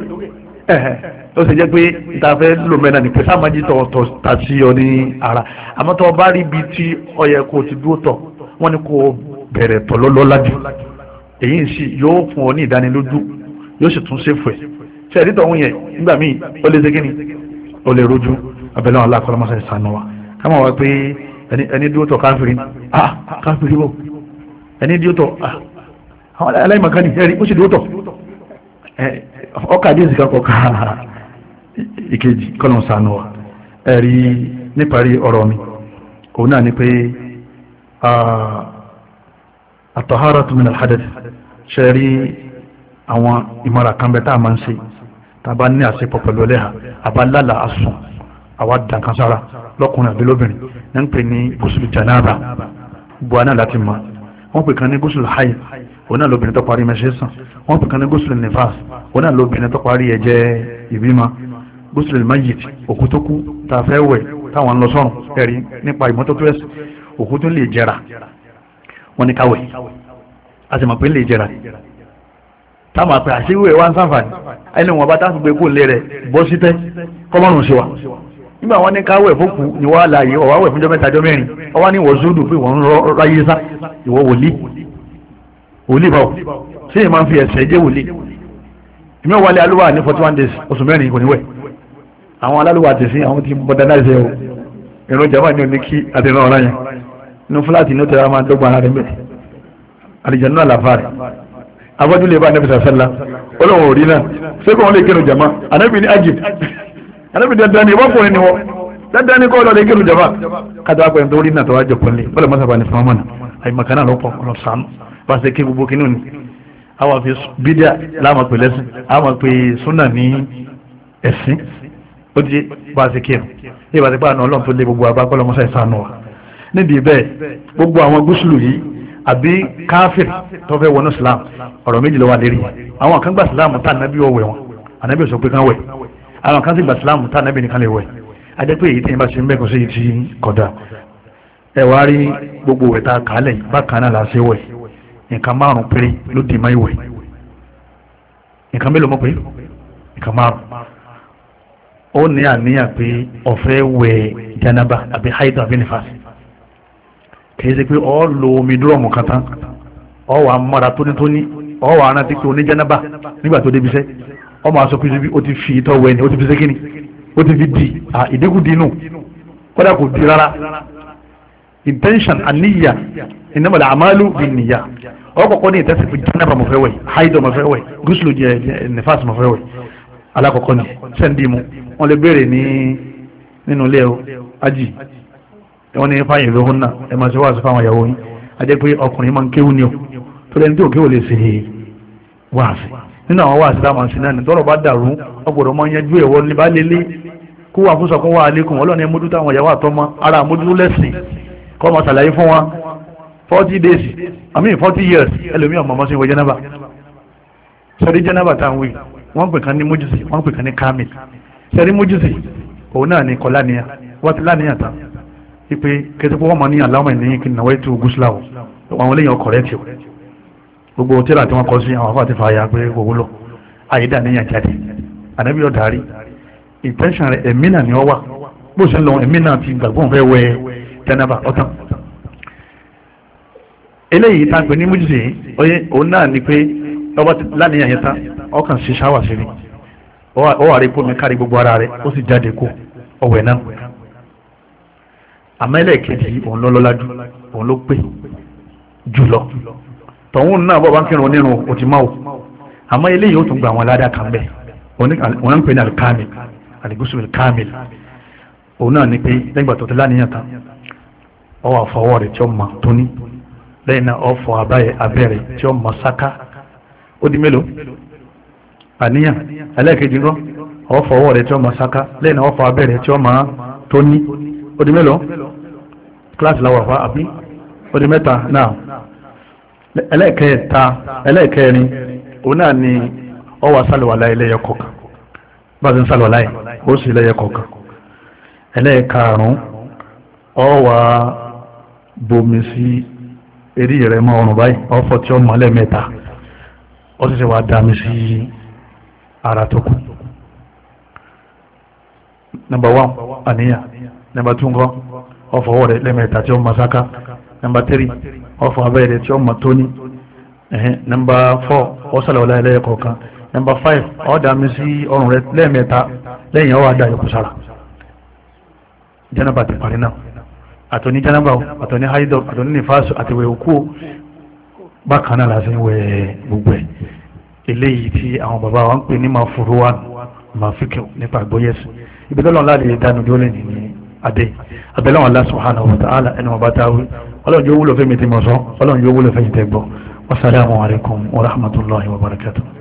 ẹ̀hẹ̀ ó sì jẹ́ pé níta fẹ́ lò mẹ́ta ní pẹ̀sà máa jí tọ̀ tọ̀ tà sí ọ ní ara àmọ́ tó o bá rí ibi tí ọyẹ kò ti dúró tọ̀ wọ́n ní kó o bẹ̀rẹ̀ tọ̀ lọ́lọ́lá jù èyí sì yóò fún ọ ní ìdánilójú yóò sì tún ṣèfù ẹ̀ ṣe ẹ̀dítọ̀ òun yẹn nígbà míì ó lè ṣe kíni ó lè rojú abẹ́lẹ́ ọ̀la kọ́lọ́mọṣẹ́ ìsànú wa kámá wa pé ẹni dúró tọ̀ káfírin ah káfírin bò ẹni dúró tọ̀ ah àwọn aláìmọ̀kánì ẹ̀rí ó sì dúró tọ̀ ọkà díẹ̀ sìkà kọ̀ọ̀ká ìkejì kọ́lọ́mọṣẹ́ wa ẹ̀rí níparí ọ̀rọ̀ mi òun náà ni pé àtọ̀hárà tó mi nà ṣe rí àwọn ìmọ̀ràn kan bẹ tá a máa ń ṣe tá a bá ní àṣepọ̀ pẹ̀lú ẹlẹ́hà àbá lálà àsùn àwa dànkan sára lọ́kùnrin àbí lóbìnrin ní ń pè ní gúúsùlù jànáàbà bua náà láti mọ̀ wọ́n pè kan ní gúúsùlù hayi òun náà lóbìnrin tó parí mẹ́sẹ̀ sàn wọ́n pè kan ní gúúsùlù nifas òun náà lóbìnrin tó parí ẹ̀jẹ̀ ìbímọ gúúsùlù mayit òkú tó kú tá a fẹ́ wẹ̀ táwọn ń lọ sọ́run ẹ̀rí nípa ìmọ́tótó ẹ̀sìn òkú táwọn àpè àṣírí ẹ̀ wá ń sáfàní ẹni wọn bá táwọn gbé kóńlé rẹ̀ bọ́ sítẹ́ kọ́mọ́rùn sí wa nígbà wọn ní káwẹ̀ fókù ni wàá láàyè ọ̀wá wẹ̀ fúnjọ́ mẹ́ta jọ mẹ́rin ọwá ní ìwọ̀ zúdù pé wọ́n ń ráyé sá ìwọ̀ wòlíì wòlíì báwò sí ìmọ̀ fi ẹ̀sẹ̀ jẹ́ wòlíì ìmọ̀ wálé alúwà ní forty one days oṣù mẹ́rin kò ní wẹ̀ àwọn alálùwà ti sin àwọn ti modernize o ìrún jama ni o ní kí àtẹnà ọ̀rá yẹn inú fúláàtì ní ó tẹ̀ra máa dọ́gba ara rẹ̀ mẹ́rin àlìjẹ̀ náà làfà rẹ̀ afọ́jú lè bá anabi sàṣẹ́lá ọlọ́run ò rí náà ṣé kò wọ́n lè kírun jama anabi ní ajib anabi dandan ni ìwọ́kùnrin ni wọ́n dandan ni kọ́ ọ lè kírun jama kátó wá pẹ̀lú torí náà tó wá jọ pọ̀nlé wọ́n lè mọ́ sábà ní fún ọmọ náà àyìnbàkan náà lọ́pọ̀ ọ̀rọ̀ sànù bá ṣe kí gbogbo kínú ni àwọn àfi bídíà láàmà pè lẹ́sìn àmà pè súnà ní ẹ̀sìn ó di bá ṣe kírun ní ìbàdí pàánù ọlọ́run tó lé gbogbo abá kọ́lọ́mọ́sá ìsànù wa nídìí bẹ́ẹ̀ gbogbo àwọn gúúsùlù yìí àbí káfíìr tó fẹ́ wọnú islam ọ̀rọ̀ méjì ló wà lérí àwọn kan gba islam tá ànábì ọ̀wẹ̀ wọn ànábì sọ pé kán wẹ̀ àwọn kan sì gba islam tá ànábì nìkan lè wẹ̀ ajẹ́ pé èyí tí yẹn bá ṣe ń bẹ́ẹ̀ kó sí yìí ti kọ̀dà ẹ wá rí gbogbo wẹ̀ tá a kà á lẹ̀ bákan náà là wẹ̀ nǹkan márùn péré ló dì máa ìwẹ̀ nǹkan mélòó mọ̀ pé nǹkan márùn ó ní àníyàn pé ó wẹ̀ janaba àbí haida àbí nifas kìí ṣe pé ọ lo omi dúrọ̀mù kan tán ọ wà mọ́ra tónítóní ọ wà rántí pé oníjànàbà nígbà tó débi sẹ́ ọ máa sọ pé o ti fi ìtọ́ wẹ̀ ni o ti fi ṣe kíni o ti fi di ìdínkù dínú kódà kò di rárá intention àníyà innamal a'malu binniyah ọkọ̀kọ́ ní ìtẹ́sí pé jẹ́nàbà mo fẹ́ wẹ̀ haidọ̀ mo fẹ́ wẹ̀ gúúsùlù nefas mo fẹ́ wẹ̀ alákọ̀ọ́kọ́ ni sẹ́ndìmù wọ́n lè béèrè ní nínú ilé ajì wọ́n ní fáyìn ló náà ẹ máa ṣe wá sí fáwọn ìyàwó ọkùnrin máa ń ni o torí ẹni tí ò lè ṣe nínú àwọn táwọn náà ní tọ́rọ̀ bá dàrú ọgbọ̀dọ̀ máa ń yanjú ẹ̀wọ́ ní bá lélẹ̀ kó wà fún sọkún wà ọlọ́ni táwọn ìyàwó ara lẹ́sìn kọ́ fún forty days i mean forty years ẹlòmíràn mọ̀mọ́ sí táwọn wí wọ́n pè kan ní mójúsì wọ́n pè kan ní kámi sẹ́rí mójúsì òun náà ní ipe kẹsìkò wọn máa alama aláwọ̀ ní nàwẹ́ tó gúúsùláwò àwọn eléyàn ọkọ̀rẹ́ tì ó gbogbo tíra tí wọ́n kọ sí àwọn afáàtì fàáyà pé òwúlò àyídà níyàn jáde ànábì yóò darí intention rẹ ẹ̀mí náà ni ọ wà bó ṣe ń lọ ẹ̀mí náà ti gbàgbọ́n fẹ́ wẹ tẹnaba ọ̀tán eléyìí tá a pè ní mújìsì oye òun náà ni pé ọba lánìyàn yẹn tán ọkàn sí ṣáwà sí ni ó wà rí pómi kárí gbogbo ara rẹ ó sì jáde kó ọwẹ́ náà àmọ́ ẹlẹ́ẹ̀kejì òun ló lọ́lá jù òun ló pè jùlọ tọ̀hún náà bọ́ bá ń kírun onírun ò ti máa wò àmọ́ eléyìí ó tún gba àwọn aládàá kan bẹ́ẹ̀ òun ń pè ní alikamil aligusul kamil òun náà ni pé lẹ́gbàá tó ti láníyàn tán ọ wà fọwọ́ rẹ̀ tí ó mọ tóní lẹ́yìn náà ọ fọ abẹ́rẹ́ tí ó mọ sáká ó di mélòó àníyàn ẹlẹ́ẹ̀kejì ńkọ́ ọ fọwọ́ rẹ̀ tí ó mọ sáká lẹ́yìn náà ọ fọ abẹ́rẹ́ tí ó mọ tóní odi mélòó kíláàsì làwọn àfa àbí odi mẹ́ta náà ẹlẹ́ẹ̀kẹta ẹlẹ́ẹ̀kẹrin òun náà ni ọwọ́ asálùwàlá ẹlẹ́yẹ kọ̀ọ̀kan bá a ti ń sálùwàlá yìí ó sì ẹlẹ́yẹ kọ̀ọ̀kan ẹlẹ́ẹ̀karùn-ún ọwọ́ bomi sí eré rẹ̀ mọ́ ọrùn báyìí ọ̀fọ̀ tí ó mọ́ ó sì ṣe wàá dá sí ara tó kù. number one àníyàn. Number two, kọ́ ọ̀fọ̀ ọwọ́ rẹ̀ lẹ́mẹ̀ẹ́ta tí ó ma sáká nọmba tírì ọ̀fọ̀ abẹ́ rẹ̀ tí ó ma tóní nọmba fọ́ ọ̀sàlẹ̀ ọ̀la ẹlẹ́yẹ kọ̀ọ̀kan nọmba fáìf ọ̀dà mi sí ọrùn rẹ̀ lẹ́mẹ̀ẹ́ta lẹ́yìn ọwọ́ adá yòókù sára jẹ́nàbà ti parí náà àtòní jẹ́nàbà àtòní haidọ̀ àtòní nífàsù àtiwẹ̀ òkú bákan náà lásán wẹ̀ gbogbo ẹ̀ eléyìí tí àwọn bàbá wa ń pè ní màfúrúwà màfíkẹ́ nípa àgbóyẹ̀sì ibi lọ́lọ́ láti dánú dúró lẹ́yìn ní adé abẹ́lẹ́ wọn Allah subhanahu wa ta'ala ẹni wọn bá ta wí ọlọ́run yóò wúlò fẹ́mi tí mo sọ ọlọ́run yóò wúlò fẹ́yìntẹ́ gbọ́ wasalaamualeykum wa rahmatulahi wa barakatuh.